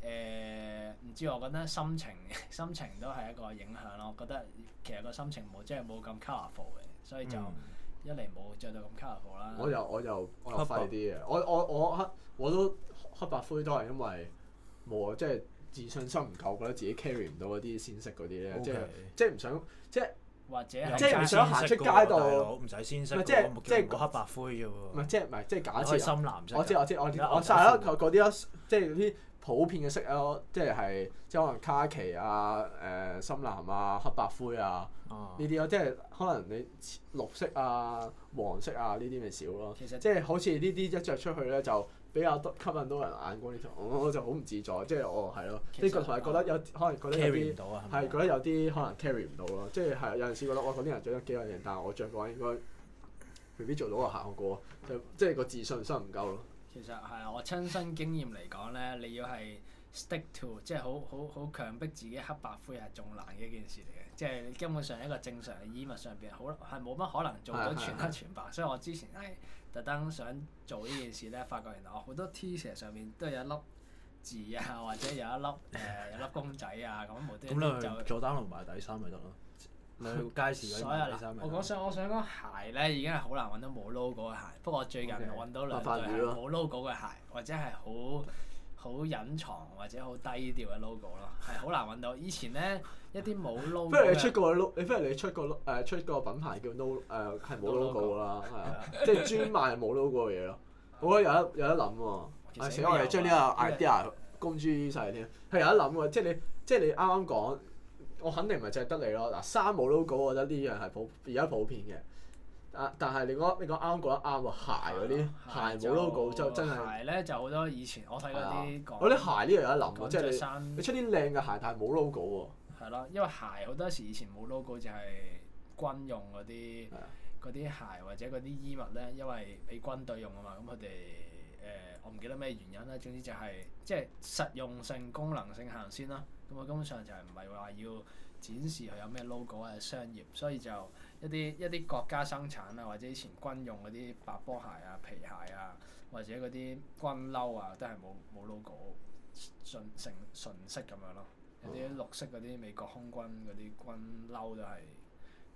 誒唔、呃、知我覺得心情心情都係一個影響咯。我覺得其實個心情冇即係冇咁 colourful 嘅，所以就。嗯一嚟冇着到咁 colorful 啦，我又我又我又黑啲嘅，我我我黑我都黑白灰都係因為冇即係自信心唔夠，覺得自己 carry 唔到嗰啲鮮色嗰啲咧，即係即係唔想即係或者即係唔想行出街度，唔使先色，即係即係黑白灰啫喎，唔係即係唔係即係假設深藍色，我知我知我我曬咯，嗰啲咯即係啲。普遍嘅色咯，即係即係可能卡其啊、誒、呃、深藍啊、黑白灰啊呢啲咯，即係可能你綠色啊、黃色啊呢啲咪少咯。其實即係好似呢啲一着出去咧，就比較多吸引到人眼光呢，我我就好唔自在。即係我係咯，啲個同學覺得有可能覺得有啲係、啊、覺得有啲可能 carry 唔到咯。即係係有陣時覺得哇，嗰啲人着得幾有型，但係我着嘅話應該未必做到個效果。就即係、個自信心唔夠咯。其實係啊，我親身經驗嚟講咧，你要係 stick to，即係好好好強迫自己黑白灰係仲難嘅一件事嚟嘅，即係根本上一個正常嘅衣物上邊，好係冇乜可能做到全黑全白。所以我之前誒特登想做呢件事咧，發覺原來我好多 T-shirt 上面都有一粒字啊，或者有一粒誒有粒公仔啊，咁冇都就做單輪埋底衫咪得咯。街市所有男，我講想，我想講鞋咧，已經係好難揾到冇 logo 嘅鞋。不過最近我揾到兩對鞋冇 logo 嘅鞋，或者係好好隱藏或者好低調嘅 logo 咯，係好難揾到。以前咧一啲冇 logo。不如你出個 logo，你不如你出個 logo，誒出個品牌叫 no 誒係冇 logo 啦，係啊，即係專賣冇 logo 嘅嘢咯。我覺得有得有得諗喎，啊，我哋將呢個 idea 為公諸於世添，係有得諗嘅。即係你即係你啱啱講。我肯定唔係淨係得你咯，嗱衫冇 logo，我覺得呢樣係普而家普遍嘅。但但係你講你講啱講得啱喎，鞋嗰啲就真的 鞋冇 logo 就真係。鞋咧就好多以前我睇嗰啲講，啲鞋呢樣有得諗著即係你你出啲靚嘅鞋，但係冇 logo 喎。係咯，因為鞋好多時以前冇 logo 就係軍用嗰啲嗰啲鞋或者嗰啲衣物咧，因為俾軍隊用啊嘛，咁佢哋。誒、呃，我唔記得咩原因啦，總之就係、是、即係實用性、功能性行先啦。咁啊，根本上就係唔係話要展示佢有咩 logo 啊、商業，所以就一啲一啲國家生產啊，或者以前軍用嗰啲白波鞋啊、皮鞋啊，或者嗰啲軍褸啊，都係冇冇 logo、純成純色咁樣咯、啊。有啲綠色嗰啲美國空軍嗰啲軍褸都係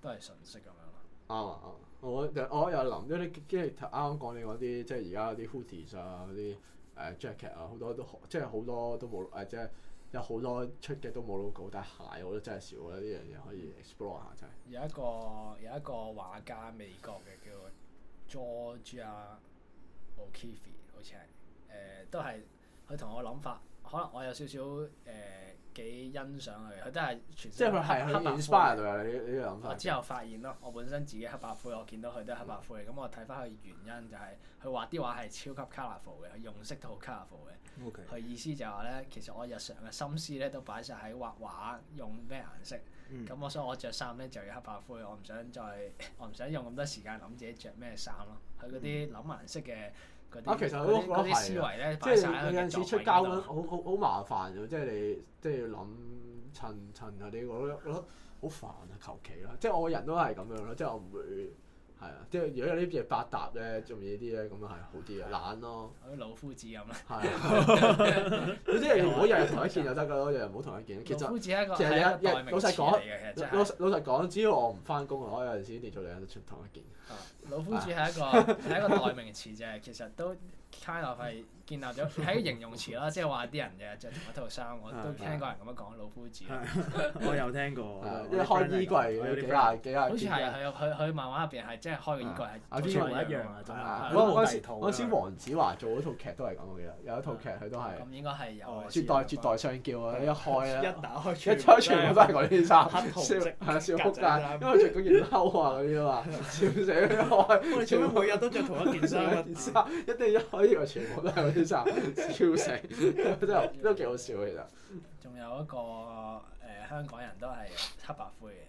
都係純色咁樣、啊。啱啊，啊，啊！我又我又諗咗啲，即係啱啱講你嗰啲，即係而家啲 hoodies 啊，嗰啲誒 jacket 啊，好多都好，即係好多都冇，誒即係有好多出嘅都冇 logo，但係鞋、哎、我都真係少啦，呢樣嘢可以 explore 下真係。有一個有一個畫家，美國嘅叫做 Georgia O'Keeffe 好似係誒都係佢同我諗法，可能我有少少誒。呃幾欣賞佢，佢都係全身黑白灰。即係佢係黑白灰。Inspired，我之後發現咯，我本身自己黑白灰，我見到佢都係黑白灰，咁、嗯、我睇翻佢原因就係、是、佢畫啲畫係超級 colourful 嘅，用色都好 colourful 嘅。佢 Okay. 意思就係話呢，其實我日常嘅心思呢都擺晒喺畫畫用咩顏色，咁、嗯、我想我著衫呢就要黑白灰，我唔想再我唔想用咁多時間諗自己著咩衫咯。佢嗰啲諗顏色嘅。啊，其實我都覺得啲即係 有陣時出交換，好好好麻煩啊！即係你，即係要諗襯襯下啲，我覺得覺得好煩啊！求其啦，即係我個人都係咁樣咯，即係我唔會。係啊，即係如果有啲嘢百搭咧，做唔易啲咧，咁啊係好啲嘅，懶咯。好似老夫子咁啊。係。總之你唔好日日同一件就得㗎咯，日日唔好同一件。其實老夫子係一個係一個代名詞嚟嘅，其實。老實講，老實講，只要我唔翻工啊，我有陣時連續兩日出同一件。老夫子係一個係一個代名詞啫，其實都 kind of 係。建立咗喺形容詞咯，即係話啲人嘅着同一套衫，我都聽過人咁樣講老夫子。我有聽過，一開衣櫃幾廿幾廿。好似係係佢佢漫畫入邊係真係開個衣櫃係。有啲唔一樣啊，真係。嗰嗰時嗰時黃子華做嗰套劇都係咁，嘅，有一套劇佢都係。咁應該係有。絕代絕代雙驕啊！一開啊。一打開，全部都係嗰啲衫。笑，係笑到仆街，因為著嗰件褸啊嗰啲嘛，笑死開。做每日都着同一件衫？一件衫一定要開衣櫃全部都係嗰。超死，真係都幾好笑其實。仲有，有一個誒、呃、香港人都係黑白灰嘅，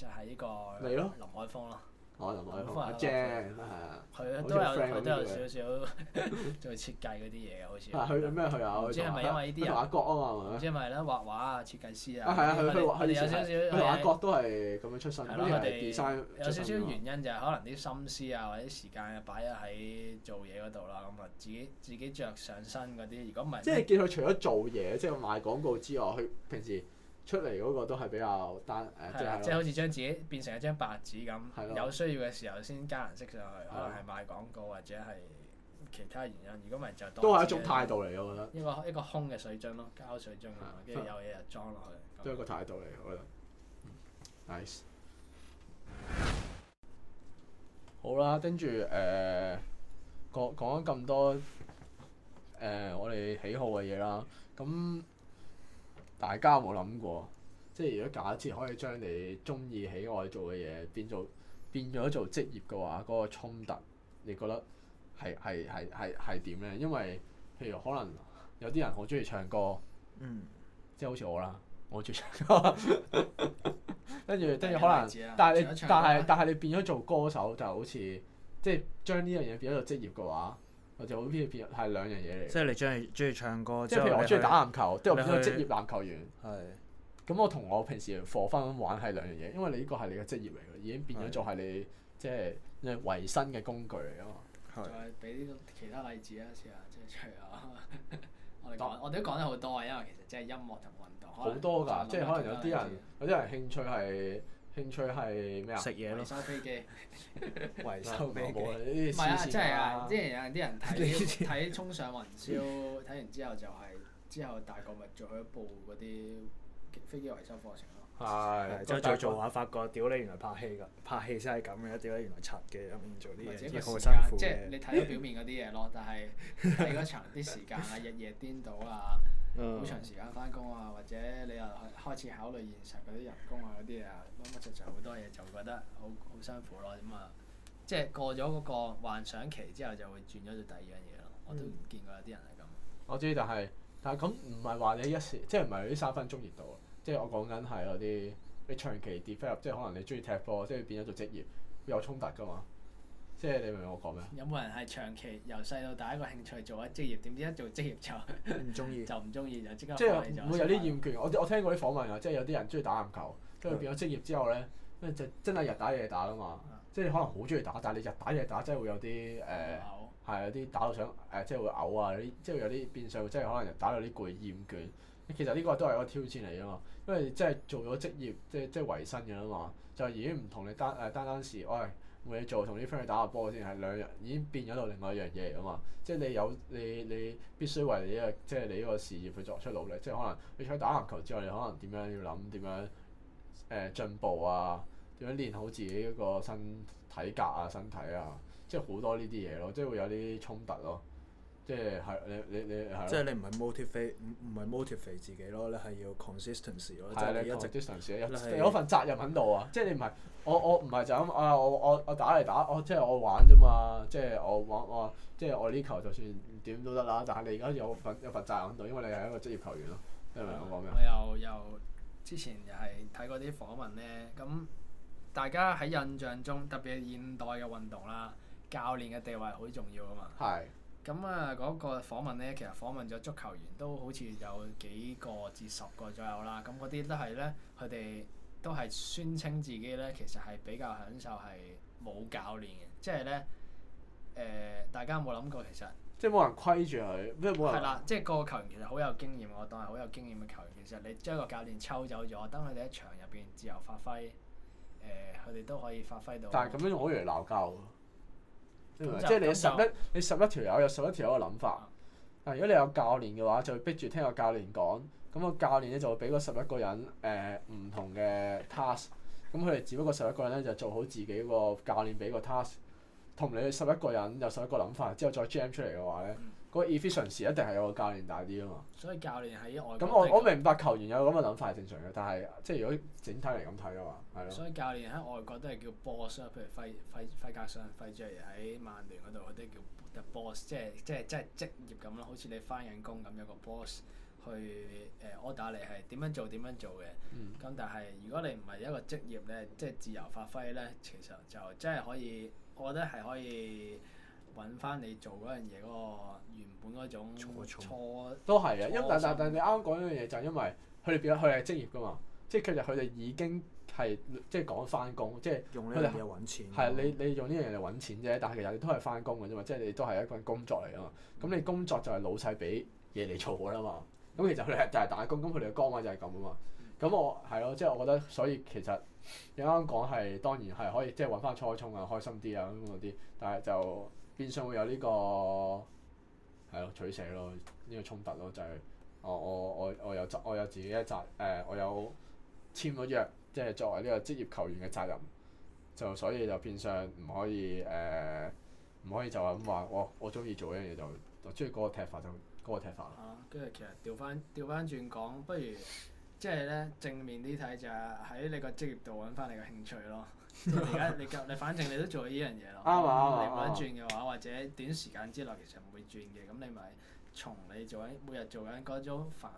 就係、是、呢個林海峰咯。可能佢好 friend 係啊，係啊，都有佢都有少少做設計嗰啲嘢嘅，好似係佢做咩？佢有即係咪因為呢啲人畫角啊嘛？即係咪咧？畫畫啊，設計師啊，啊係啊，佢佢畫佢有少少，佢畫角都係咁樣出身嘅。係咯，佢哋 design 有少少原因就係可能啲心思啊或者時間啊擺咗喺做嘢嗰度啦。咁啊，自己自己著上身嗰啲，如果唔係即係見佢除咗做嘢，即係賣廣告之外，佢平時。出嚟嗰個都係比較單誒，即係好似將自己變成一張白紙咁，有需要嘅時候先加顏色上去，可能係賣廣告或者係其他原因。如果唔係就都係一種態度嚟嘅，我覺得一個一個空嘅水樽咯，膠水樽，跟住有嘢就裝落去，都係一個態度嚟，我覺得。Nice。好啦，跟住誒講講咗咁多誒我哋喜好嘅嘢啦，咁。大家有冇諗過？即係如果假設可以將你中意喜愛做嘅嘢變做變咗做職業嘅話，嗰個衝突你覺得係係係係係點咧？因為譬如可能有啲人好中意唱歌，嗯、即係好似我啦，我中意唱歌，跟住跟住可能， 但係你但係但係你變咗做歌手，就好似即係將呢樣嘢變咗做職業嘅話。我就好中意變，係兩樣嘢嚟。即係你中意中意唱歌，即係譬如我中意打籃球，你去 即係我變咗職業籃球員。係的。咁我同我平時課翻玩係兩樣嘢，因為你呢個係你嘅職業嚟嘅，已經變咗做係你的即係維生嘅工具嚟㗎嘛。係的。再俾啲其他例子啊，試下即係除啊。 我哋講說，行我哋都講咗好多啊，因為其實即係音樂同運動。好多㗎，即係可能有啲人有啲人興趣係。興趣係咩啊？食嘢咯。維修飛機，維修飛機呢啲啊！唔係啊，真係啊！之前有啲人睇睇衝上雲霄，睇 完之後就係、是、之後。大個咪做一部嗰啲飛機維修課程咯。係，之後再做下，發覺屌你原來拍戲㗎，拍戲先係咁樣，屌你原來拆嘅咁做啲嘢，好辛苦嘅。即係你睇到表面嗰啲嘢咯，但係你嗰層啲時間啊、日夜顛倒啊、好長時間返工啊，或者你又開始考慮現實嗰啲人工啊嗰啲啊，乜乜雜雜好多嘢就覺得好好辛苦咯。咁啊，即係過咗嗰個幻想期之後，就會轉咗做第二樣嘢咯。我都唔見過有啲人係咁。我知，但係但係咁唔係話你一時即係唔係呢三分鐘熱度。即係我講緊係嗰啲，你長期 develop，即係可能你中意踢波，即係變咗做職業，有衝突噶嘛？即係你明唔明我講咩？有冇人係長期由細到大一個興趣做咗職業？點知一做職業就唔中意，就唔中意就即刻即係會有啲厭倦。我我聽過啲訪問啊，即係有啲人中意打籃球，跟住變咗職業之後咧，即係真係日打夜打噶嘛。即係可能好中意打，但係你日打夜打真係會有啲誒，係有啲打到想誒，即係會嘔啊！即係有啲變相即係可能打到啲攰厭倦。其實呢個都係一個挑戰嚟嘅嘛，因為即係做咗職業，即係即係維生嘅啦嘛。就已經唔同你單誒、呃、單單是，喂冇嘢做，同啲 friend 去打下波先，係兩樣已經變咗到另外一樣嘢嚟嘅嘛。即係你有你你必須為你嘅即係你呢個事業去作出努力。即係可能你除咗打籃球之外，你可能點樣要諗點樣誒、呃、進步啊？點樣練好自己嗰個身體格啊、身體啊？即係好多呢啲嘢咯，即係會有啲衝突咯。即係係你你你係。即係你唔係 motivate 唔唔係 motivate 自己咯，你係要 consistency 咯，即係的你一直有份責任喺度啊！的即係你唔係的我我唔係就咁啊！我我我打嚟打，我即係我玩啫嘛！即係我玩我，我即係我呢球就算點都得啦。但係你而家有份有份責任喺度，因為你係一個職業球員咯，你唔明我講咩？我又又之前又係睇過啲訪問咧，咁大家喺印象中特別現代嘅運動啦，教練嘅地位好重要啊嘛。係。咁啊，嗰個訪問呢，其實訪問咗足球員都好似有幾個至十個左右啦。咁嗰啲都係呢，佢哋都係宣稱自己呢，其實係比較享受係冇教練嘅，即係呢，誒、呃，大家有冇諗過其實？即係冇人規住佢，咩冇人？係啦，即係個球員其實好有經驗，我當係好有經驗嘅球員。其實你將個教練抽走咗，等佢哋喺場入邊自由發揮，誒、呃，佢哋都可以發揮到。但係咁樣好容易鬧交。嗯、即係你十一，週你十一條友有十一條友嘅諗法。啊，如果你有教練嘅話，就逼住聽個教練講。咁、嗰個教練咧就會俾嗰十一個人誒唔、呃、同嘅 task。咁佢哋只不過十一個人咧就做好自己教練個教練俾個 task，同你十一個人有十一個諗法之後再 jam 出嚟嘅話咧。嗯個 efficiency 一定係有個教練大啲啊嘛，所以教練喺外國咁我我明白球員有咁嘅諗法係正常嘅，但係即係如果整體嚟咁睇啊嘛，係咯。所以教練喺外國都係叫 boss 啦。譬如費費費格遜費爵喺曼聯嗰度嗰啲叫 the boss，即係即係即係職業咁咯，好似你翻緊工咁有個 boss 去誒 order 你係點樣做點樣做嘅。咁、嗯、但係如果你唔係一個職業咧，即係自由發揮咧，其實就真係可以，我覺得係可以。揾翻你做嗰樣嘢嗰個原本嗰種初衷都係嘅。因但但但你啱啱講嗰樣嘢就係因為佢哋變咗，佢哋係職業噶嘛，即係佢哋已經係即係講翻工，即係用呢樣嘢揾錢係是、啊、你你用呢樣嘢嚟揾錢啫，但係其實你都係翻工嘅啫嘛，即係你都係一份工作嚟噶嘛。咁你工作就係老細俾嘢嚟做噶啦嘛。咁其實佢係就係打工，咁佢哋嘅崗位就係咁啊嘛。咁我係咯，即係、就是、我覺得，所以其實你啱啱講係當然係可以，即係揾翻初衷啊，開心啲啊咁嗰啲，但係就。變相會有呢、這個係咯取捨咯，呢、這個衝突咯，就係、是、我我我我有我有自己嘅責誒、呃，我有簽咗約，即、就、係、是、作為呢個職業球員嘅責任，就所以就變相唔可以誒，唔、呃、可以就話咁話，我我中意做一樣嘢就，我中意嗰個踢法就嗰、那個踢法啦。跟住、啊、其實調返調返轉講，不如即係咧正面啲睇就係、是、喺你個職業度搵返你嘅興趣咯。而家 你夠你反正你都做呢樣嘢咯，啱啊！你玩轉嘅話，或者短時間之內其實唔會轉嘅，咁你咪從你做緊每日做緊嗰種繁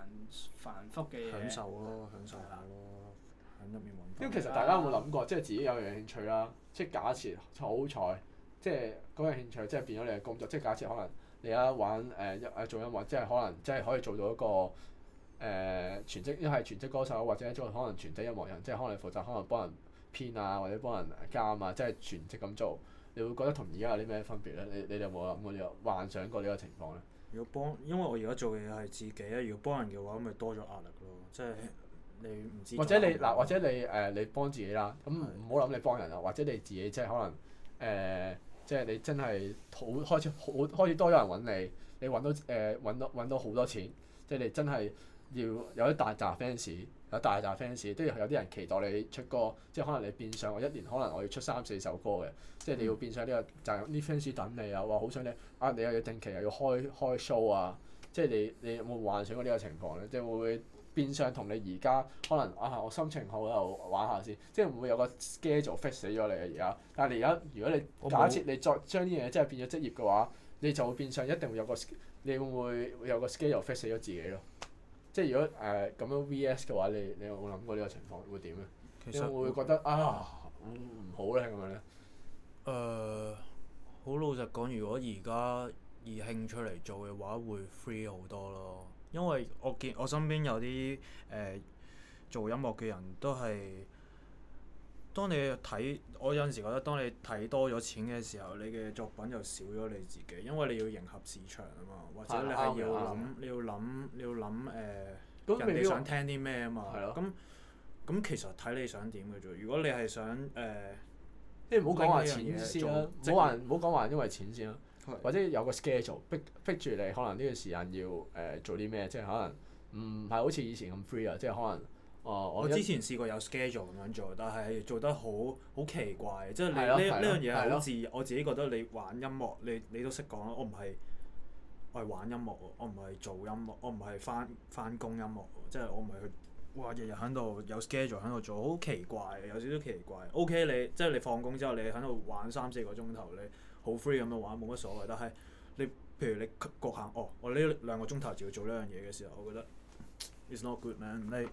繁複嘅享受咯、啊，對享受下、啊、咯，喺入、啊、面混。因為其實大家有冇諗過， 即係自己有樣興趣啦，即係假設好彩，即係嗰樣興趣即係變咗你嘅工作，即係假設可能你而家玩誒、呃、做音樂，即係可能即係可以做到一個誒、呃、全職，因係全職歌手，或者做可能全職音樂人，即係可能你負責可能幫人。編啊，或者幫人監啊，即係全職咁做，你會覺得同而家有啲咩分別咧？你你有冇諗過呢個幻想過呢個情況咧？要幫，因為我而家做嘅嘢係自己啊。要幫人嘅話，咁咪多咗壓力咯。即係你唔知。或者你嗱，難或者你誒、呃、你幫自己啦，咁唔好諗你幫人啊。或者你自己即係可能誒，即係你真係好開始好開始多咗人揾你，你揾到誒揾、呃、到揾到好多錢，即係你真係要有一大扎 fans。大大扎 fans，都要有啲人期待你出歌，即係可能你變相。我一年可能我要出三四首歌嘅，嗯、即係你要變相呢、呢個就係呢 fans 等你啊！哇，好想你啊！你又要定期又要開開 show 啊！即係你你有冇幻想過呢個情況咧？即係會唔會變相同你而家可能啊我心情好就玩下先，即係唔會，會有個 schedule fix 死咗你啊。而家。但你而家如果你假設你再將呢樣嘢真係變咗職業嘅話，你就會變相一定有一會，會有個你會唔會有個 schedule fix 死咗自己咯？即係如果誒咁、呃、樣 VS 嘅話，你你有冇諗過呢個情況會點咧？其實我會，會覺得、嗯、啊，唔好咧咁樣咧。誒、呃，好老實講，如果而家以興趣嚟做嘅話，會 free 好多咯。因為我見我身邊有啲誒、呃、做音樂嘅人都係。當你睇，我有陣時覺得當你睇多咗錢嘅時候，你嘅作品就少咗你自己，因為你要迎合市場啊嘛，或者你係要諗，你要諗，你要諗誒，這個、人哋想聽啲咩啊嘛，係咯，咁咁的其實睇你想點嘅啫。如果你係想誒，即係唔好講話錢先啦，唔好話唔好講話因為錢先啦、啊，就是、或者有個 schedule 逼逼住你，可能呢個時間要誒、呃、做啲咩，即係可能唔係好似以前咁 free 啊，即係可能。哦、我,我之前試過有 schedule 咁樣做，但係做得好好奇怪。即係你呢呢樣嘢係好似我自己覺得你玩音樂，你你都識講啦。我唔係我係玩音樂，我唔係做音樂，我唔係翻翻工音樂。即係我唔係去哇日日喺度有 schedule 喺度做，好奇怪，有少少奇怪。OK 你即係你放工之後，你喺度玩三四個鐘頭，你好 free 咁樣玩冇乜所謂。但係你譬如你局限哦，我呢兩個鐘頭就要做呢樣嘢嘅時候，我覺得 it's not good man。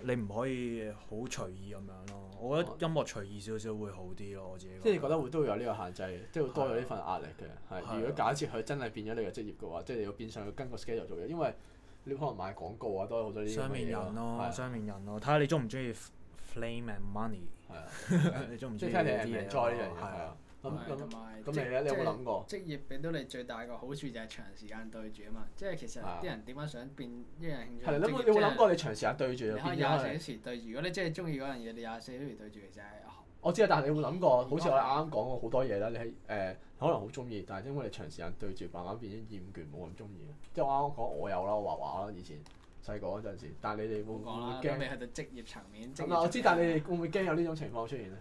你唔可以好隨意咁樣咯，我覺得音樂隨意少少會好啲咯，我自己。即係你覺得會都有呢個限制，即係會多咗呢份壓力嘅。係。如果假設佢真係變咗你嘅職業嘅話，即你要變相去跟個 schedule 做嘢，因為你可能賣廣告啊，都好多呢啲雙面人咯，雙面人咯。睇下你中唔中意 Flame and Money？係啊。你中唔中意聽呢啲啊？係啊。咁你呢、就係、你有冇諗過即係職業俾到你最大個好處就係長時間對住啊嘛，即係的其實啲人點解想變一樣興趣，係諗過你會諗過你長時間對住變？廿四小時對，時對如果你真係中意嗰樣嘢，你廿四小時對住就係。我知啊，但係你會諗過？好似我啱啱講過好多嘢啦，你喺誒可能好中意，但係因為你長時間對住，慢慢變咗厭倦，冇咁中意。即係我啱啱講，我有啦，我畫畫啦，以前細個嗰陣時。但係你哋會唔會驚？你喺度職業層面。咁啊，我知，但係你哋會唔會驚有呢種情況出現咧？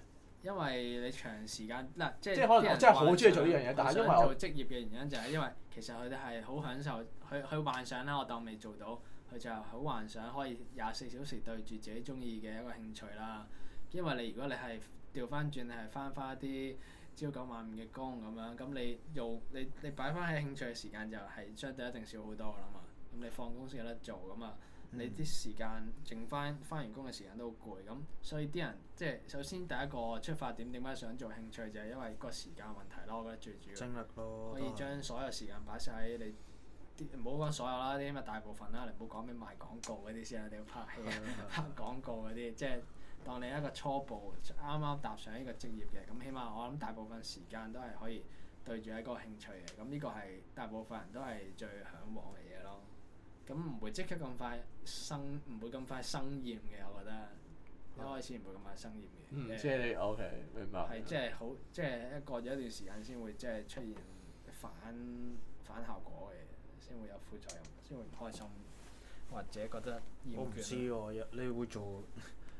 因為你長時間嗱、啊，即係即可能我真係好中意做呢樣嘢，但係因為做職業嘅原因就係因為其實佢哋係好享受佢佢幻想啦，我當未做到，佢就好幻想可以廿四小時對住自己中意嘅一個興趣啦。因為你如果你係調翻轉，你係翻翻一啲朝九晚五嘅工咁樣，咁你用你你擺翻喺興趣嘅時間就係相對一定少好多噶啦嘛。咁你放工先有得做咁啊。嗯、你啲時間剩返，返完工嘅時間都好攰，咁所以啲人即係首先第一個出發點點解想做興趣就係、是、因為個時間問題咯，我覺得最主要可以將所有時間擺晒喺你啲，唔好講所有啦，啲咁嘅大部分啦，你唔好講咩賣廣告嗰啲先啦，你要拍戲、 拍廣告嗰啲，即係當你一個初步啱啱踏上呢個職業嘅，咁起碼我諗大部分時間都係可以對住喺個興趣嘅，咁呢個係大部分人都係最嚮往嘅嘢咯。咁唔會即刻咁快生，唔會咁快生厭嘅。我覺得一開始唔會咁快生厭嘅。即係你 OK，明白。係即係好，即係過咗一段時間先會即係出現反反效果嘅，先會有副作用，先會唔開心或者覺得厭我唔知喎、啊，你會做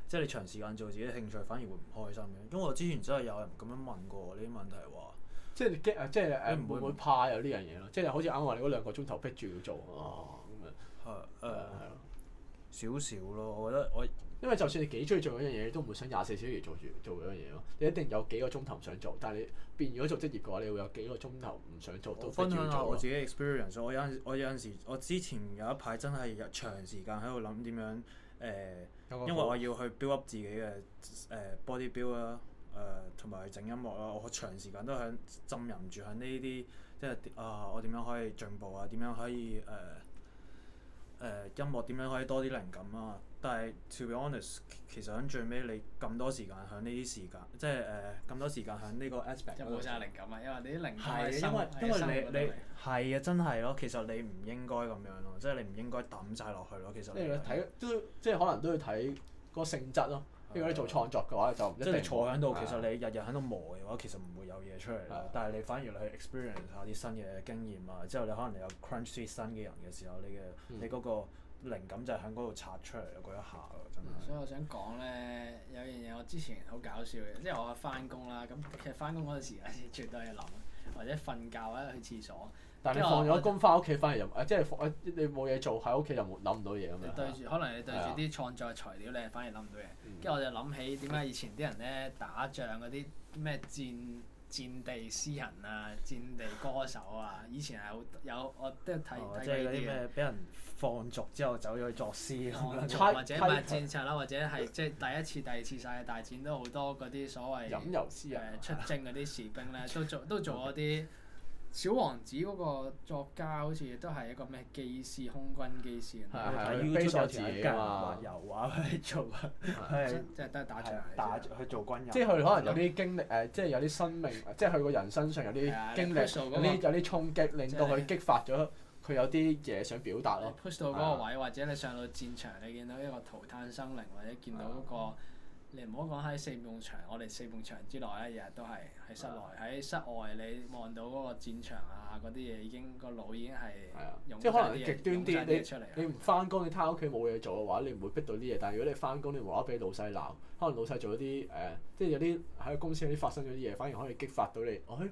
即係你長時間做自己興趣，反而會唔開心嘅。因為我之前真係有人咁樣問過我呢啲問題喎、啊，即係驚、啊啊，即係誒，會唔會怕有呢樣嘢咯？即係好似啱話你嗰兩個鐘頭逼住要做、啊。啊誒誒係咯，少少咯，我覺得我因為就算你幾中意做一樣嘢，你都唔會想廿四小時做住做嗰樣嘢咯。你一定有幾個鐘頭唔想做，但係你變咗做職業嘅話，你會有幾個鐘頭唔想做都都要做。我分享下我自己 experience，我有陣我有陣時，我之前有一排真係長時間喺度諗點樣誒，呃、因為我要去 build up 自己嘅誒、呃、body build 啦、呃，誒同埋整音樂啦，我長時間都喺浸淫住喺呢啲，即係啊、呃，我點樣可以進步啊？點樣可以誒？呃誒、呃、音樂點樣可以多啲靈感啊？但係，To be honest，其實喺最尾你咁多時間喺呢啲時間，即係誒咁多時間喺呢個 aspect，就冇晒靈感啊！因為，因為你啲靈感係因為因為你你係啊，真係咯。其實你唔應該咁樣咯，即係你唔應該抌晒落去咯。其實你你即係睇都即係可能都要睇個性質咯。如果你做創作嘅話，就即係你坐喺度，其實你日日喺度磨嘅話，其實唔會有嘢出嚟啦。是的 但係你反而你去 experience 下啲新嘅經驗啊，之後你可能你有 crunch 啲新嘅人嘅時候，你嘅、嗯、你嗰個靈感就喺嗰度擦出嚟嗰一下咯，真係、嗯。所以我想講咧，有樣嘢我之前好搞笑嘅，即係我翻工啦。咁其實翻工嗰陣時咧，最多係諗，或者瞓覺或者去廁所。但你放咗工返屋企，反而又誒，即係你冇嘢做喺屋企又冇諗唔到嘢咁樣。對住可能你對住啲創作材料，你係反而諗唔到嘢。跟住我就諗起點解以前啲人呢，打仗嗰啲咩戰戰地詩人啊、戰地歌手啊，以前係有有我都睇睇嗰啲啲咩俾人放逐之後走咗去作詩咁樣。或者係戰策啦，或者係即係第一次、第二次世界大戰都好多嗰啲所謂吟遊詩人，出征嗰啲士兵呢，都做都做咗啲小王子嗰個作家好似都係一個咩機師，空軍機師，對對對啊，佢飛索子啊嘛，油畫喺做啊，即係即係打仗打去做軍人，即係佢可能有啲經歷誒，即係有啲生命，即係佢個人身上有啲經歷， 有啲 有啲衝擊，令到佢激發咗佢有啲嘢想表達咯。push 到嗰個位，或者你上到戰場，你見到一個塗炭生靈，或者見到嗰、嗰個。你唔好講喺四面牆，我哋四面牆之內一日都係喺室內。喺室外，係嘅，室外你望到嗰個戰場啊嗰啲嘢，已經、個腦已經係，即係可能你極端啲。你你唔翻工，你喺屋企冇嘢做嘅話，你唔會逼到啲嘢。但係如果你翻工，你無啦啦俾老細鬧，可能老細做一啲誒、呃，即係有啲喺公司有啲發生咗啲嘢，反而可以激發到你。哎，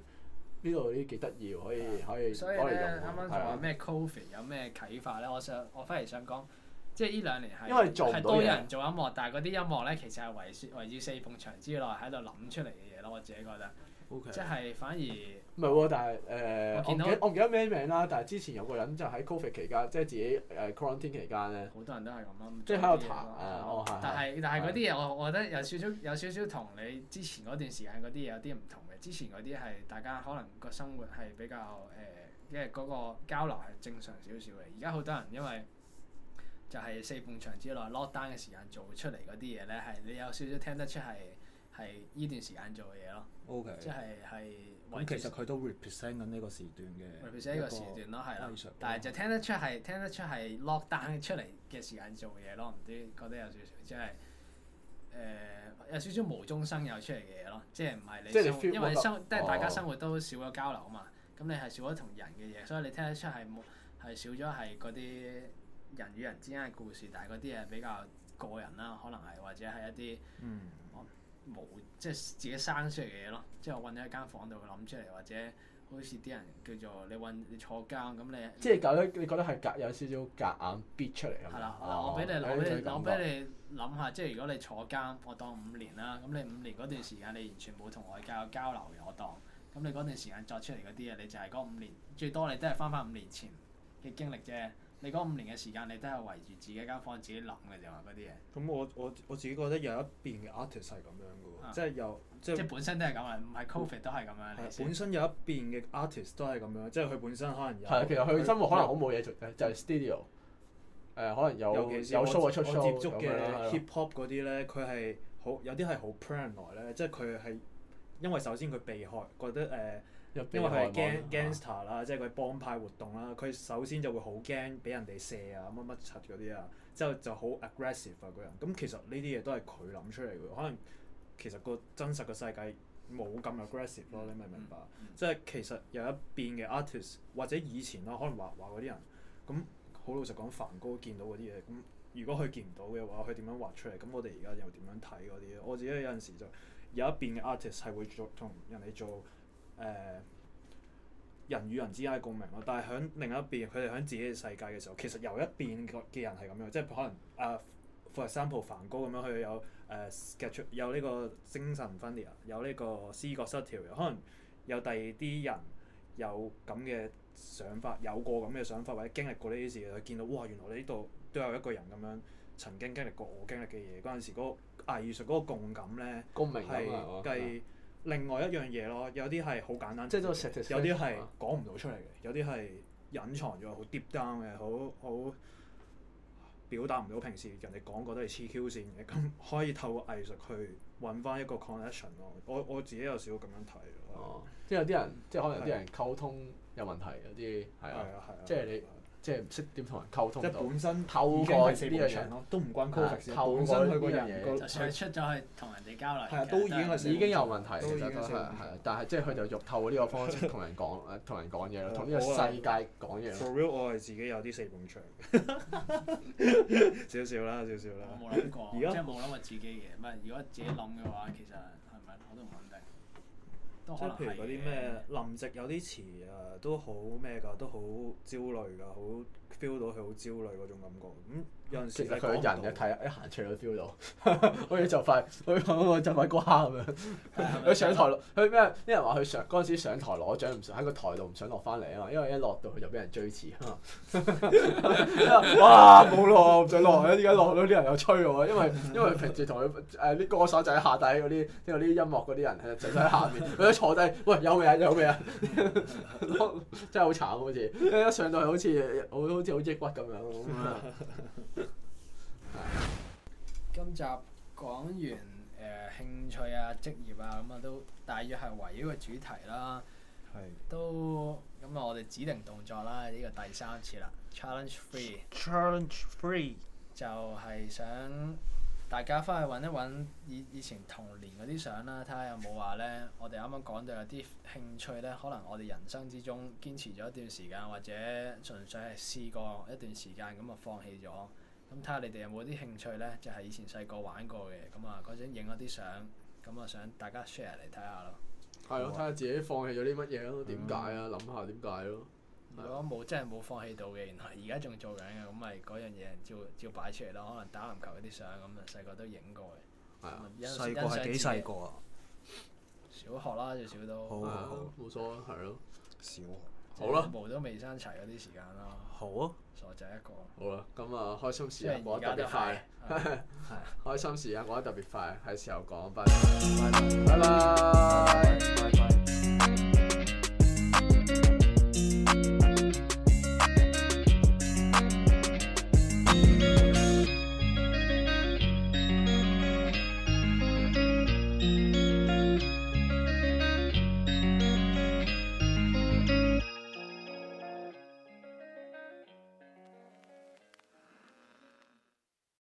呢度啲幾得意可以可以攞嚟用。所以呢，啱啱就話咩 COVID 有咩啟發咧？我想我反而想講。即呢兩年係係多人做音樂，但係嗰啲音樂呢，其實係圍繞圍繞四埲牆之內喺度諗出嚟嘅嘢咯。我自己覺得，Okay. 即係反而唔係喎，但係誒、呃，我見到，我唔記得咩名啦。但係之前有個人就喺 Covid 期間，即係自己、呃、q u a r a n t i n e 期間呢，好多人都係咁樣。即係喺度彈，誒，但係是、啊哦、但係嗰啲嘢，我的我覺得有少少有少少同你之前嗰段時間嗰啲嘢有啲唔同嘅。之前嗰啲係大家可能個生活係比較誒，即係嗰個交流係正常少少嘅。而家好多人因為就係四半場之內 lockdown 嘅時間做出嚟嗰啲嘢呢，係你有少少聽得出係係呢段時間做嘅嘢咯。O Okay . K，即係係。其實佢都 represent 緊呢個時段嘅，一個藝術。但係就聽得出係聽得出係 lockdown 出嚟嘅時間做嘅嘢咯，唔知覺得有少少即係誒、呃、有少少無中生有出嚟嘅嘢咯，即係唔係你，你因為你生即係的大家生活都少咗交流啊嘛，咁、哦、你係少咗同人嘅嘢，所以你聽得出係冇係少咗係嗰啲。人與人之間嘅故事，但係嗰啲係比較個人啦，可能係或者係一啲冇、嗯、即係自己生出嚟嘅嘢咯，即係困喺間房度諗出嚟，或者好似啲人叫做你困你坐監咁你，即係覺得你覺得係夾有少少夾硬逼出嚟了啊？係啦，嗱、啊，我俾你諗，俾、欸、你諗，你諗下，即係如果你坐監，我當五年啦，咁你五年嗰段時間你完全冇同外界交流嘅，我當咁你嗰段時間作出嚟嗰啲嘢，你就係嗰五年最多你都係翻翻五年前嘅經歷啫。你講五年嘅時間，你都係圍住自己間房自己諗嘅，就話嗰啲嘢。咁我我我自己覺得有一邊嘅 artist 係咁樣嘅喎、啊，即係有即係本身都係咁啊，唔係 covid 都係咁樣。本身有一邊嘅 artist 都係咁樣，即係佢本身可能有其實佢生活可能好冇嘢做嘅，有就係 studio、呃。誒，可能有尤其是有 show 啊出我 or show 咁樣。hip hop 嗰啲咧，佢係好有啲係好 pure 來咧，即係佢係因為首先佢避開，覺得誒。呃因為佢係 gang gangster 啦，即係佢幫派活動啦。佢首先就會好驚俾人哋射啊，乜乜柒嗰啲啊。之後就好 aggressive 啊，嗰人。咁其實呢啲嘢都係佢諗出嚟嘅，可能其實個真實嘅世界冇咁 aggressive 咯、啊。你明唔明白？嗯嗯、即係其實有一邊嘅 artist 或者以前啦、啊，可能畫畫嗰啲人，咁好老實講，梵高見到嗰啲嘢。咁如果佢見唔到嘅話，佢點樣畫出嚟？咁我哋而家又點樣睇嗰啲？我自己有陣時就有一邊嘅 artist 係會做同人哋做。誒、呃、人與人之間共鳴咯，但係喺另一邊，佢哋喺自己嘅世界嘅時候，其實有一邊嘅人係咁樣，即係可能誒、uh,，For example，梵高咁樣佢有誒、uh, 有呢個精神分裂，有呢個思覺失調，可能有第二啲人有咁嘅想法，有過咁嘅想法或者經歷過呢啲事，佢見到哇，原來呢度都有一個人咁樣曾經經歷過我經歷嘅嘢，嗰陣時嗰個藝術嗰個共感咧，係計。是吧另外一樣嘢咯，有啲係好簡單，即係都石石石，有啲係講唔到出嚟嘅，啊、有啲係隱藏咗好 deep down 嘅，好好表達唔到，平時人哋講過都係黐 Q 線嘅，咁可以透過藝術去揾翻一個 connection 咯。我我自己有少少咁樣睇咯、啊，即係有啲人，即係可能有啲人溝通有問題，嗯、有啲係啊，即係你。的即係唔識點同人溝通，即係本身透過呢個場咯，都唔關 Covid 透過佢個人嘢，就算佢出咗去同人哋交流，係啊，都已經已經有問題嘅，其實都係係啊！但係即係佢就欲透過呢個方式同人講，誒同人講嘢咯，同呢個世界講嘢咯。我係自己有啲四本場少少啦，少少啦。我冇諗過，即係冇諗係自己嘅。唔係如果自己諗嘅話，其實係咪我都唔肯定。即係譬如嗰啲咩林夕有啲詞啊，都好咩㗎，都好焦慮㗎，好 feel 到佢好焦慮嗰種感覺。咁、嗯、有時其實佢人一睇一行，出去都 feel 到，好 似就快，好似好似就快瓜咁樣。佢 上台佢咩？啲人話佢上嗰陣時上台攞獎唔想喺個台度唔想落翻嚟啊嘛，因為一落到佢就俾人追詞啊嘛。哇！冇落唔想落，而家落到，到啲人又催我，因為因為平時同佢誒啲歌手就喺下底嗰啲，即係啲音樂嗰啲人係就喺、是、下面。坐低，喂，有冇啊，有冇啊， 真係好慘，好似一上到去，好似好好似好抑鬱咁樣。咁、 嗯、今集講完誒、呃、興趣啊、職業啊，咁、嗯、啊都大約係圍繞個主題啦。係是。都咁啊、嗯，我哋指定動作啦，呢、這個第三次啦，Challenge Three Challenge Three 就係想，大家翻去揾一揾以以前童年嗰啲相啦，睇下有冇話呢？我哋啱啱講到有啲興趣呢，可能我哋人生之中堅持咗一段時間，或者純粹係試過一段時間咁啊放棄咗。咁睇下你哋有冇啲興趣呢？就係、是、以前細個玩過嘅咁啊，嗰陣影咗啲相，咁啊想大家 share 嚟睇下咯。係咯的，睇下好自己放棄咗啲乜嘢咯？點解啊？諗下點解咯？如果冇真係冇放棄到嘅，原來而家仲做緊嘅，咁咪嗰樣嘢照照擺出嚟咯。可能打籃球嗰啲相咁，細個都影過嘅。細個係幾細個啊？小學啦，最少都冇錯啊，係咯。小學好啦，毛都未生齊嗰啲時間咯。好，傻仔一個。好啦，咁啊，開心時間過得特別快。係，開心時間過得特別快，係時候講拜拜，拜拜。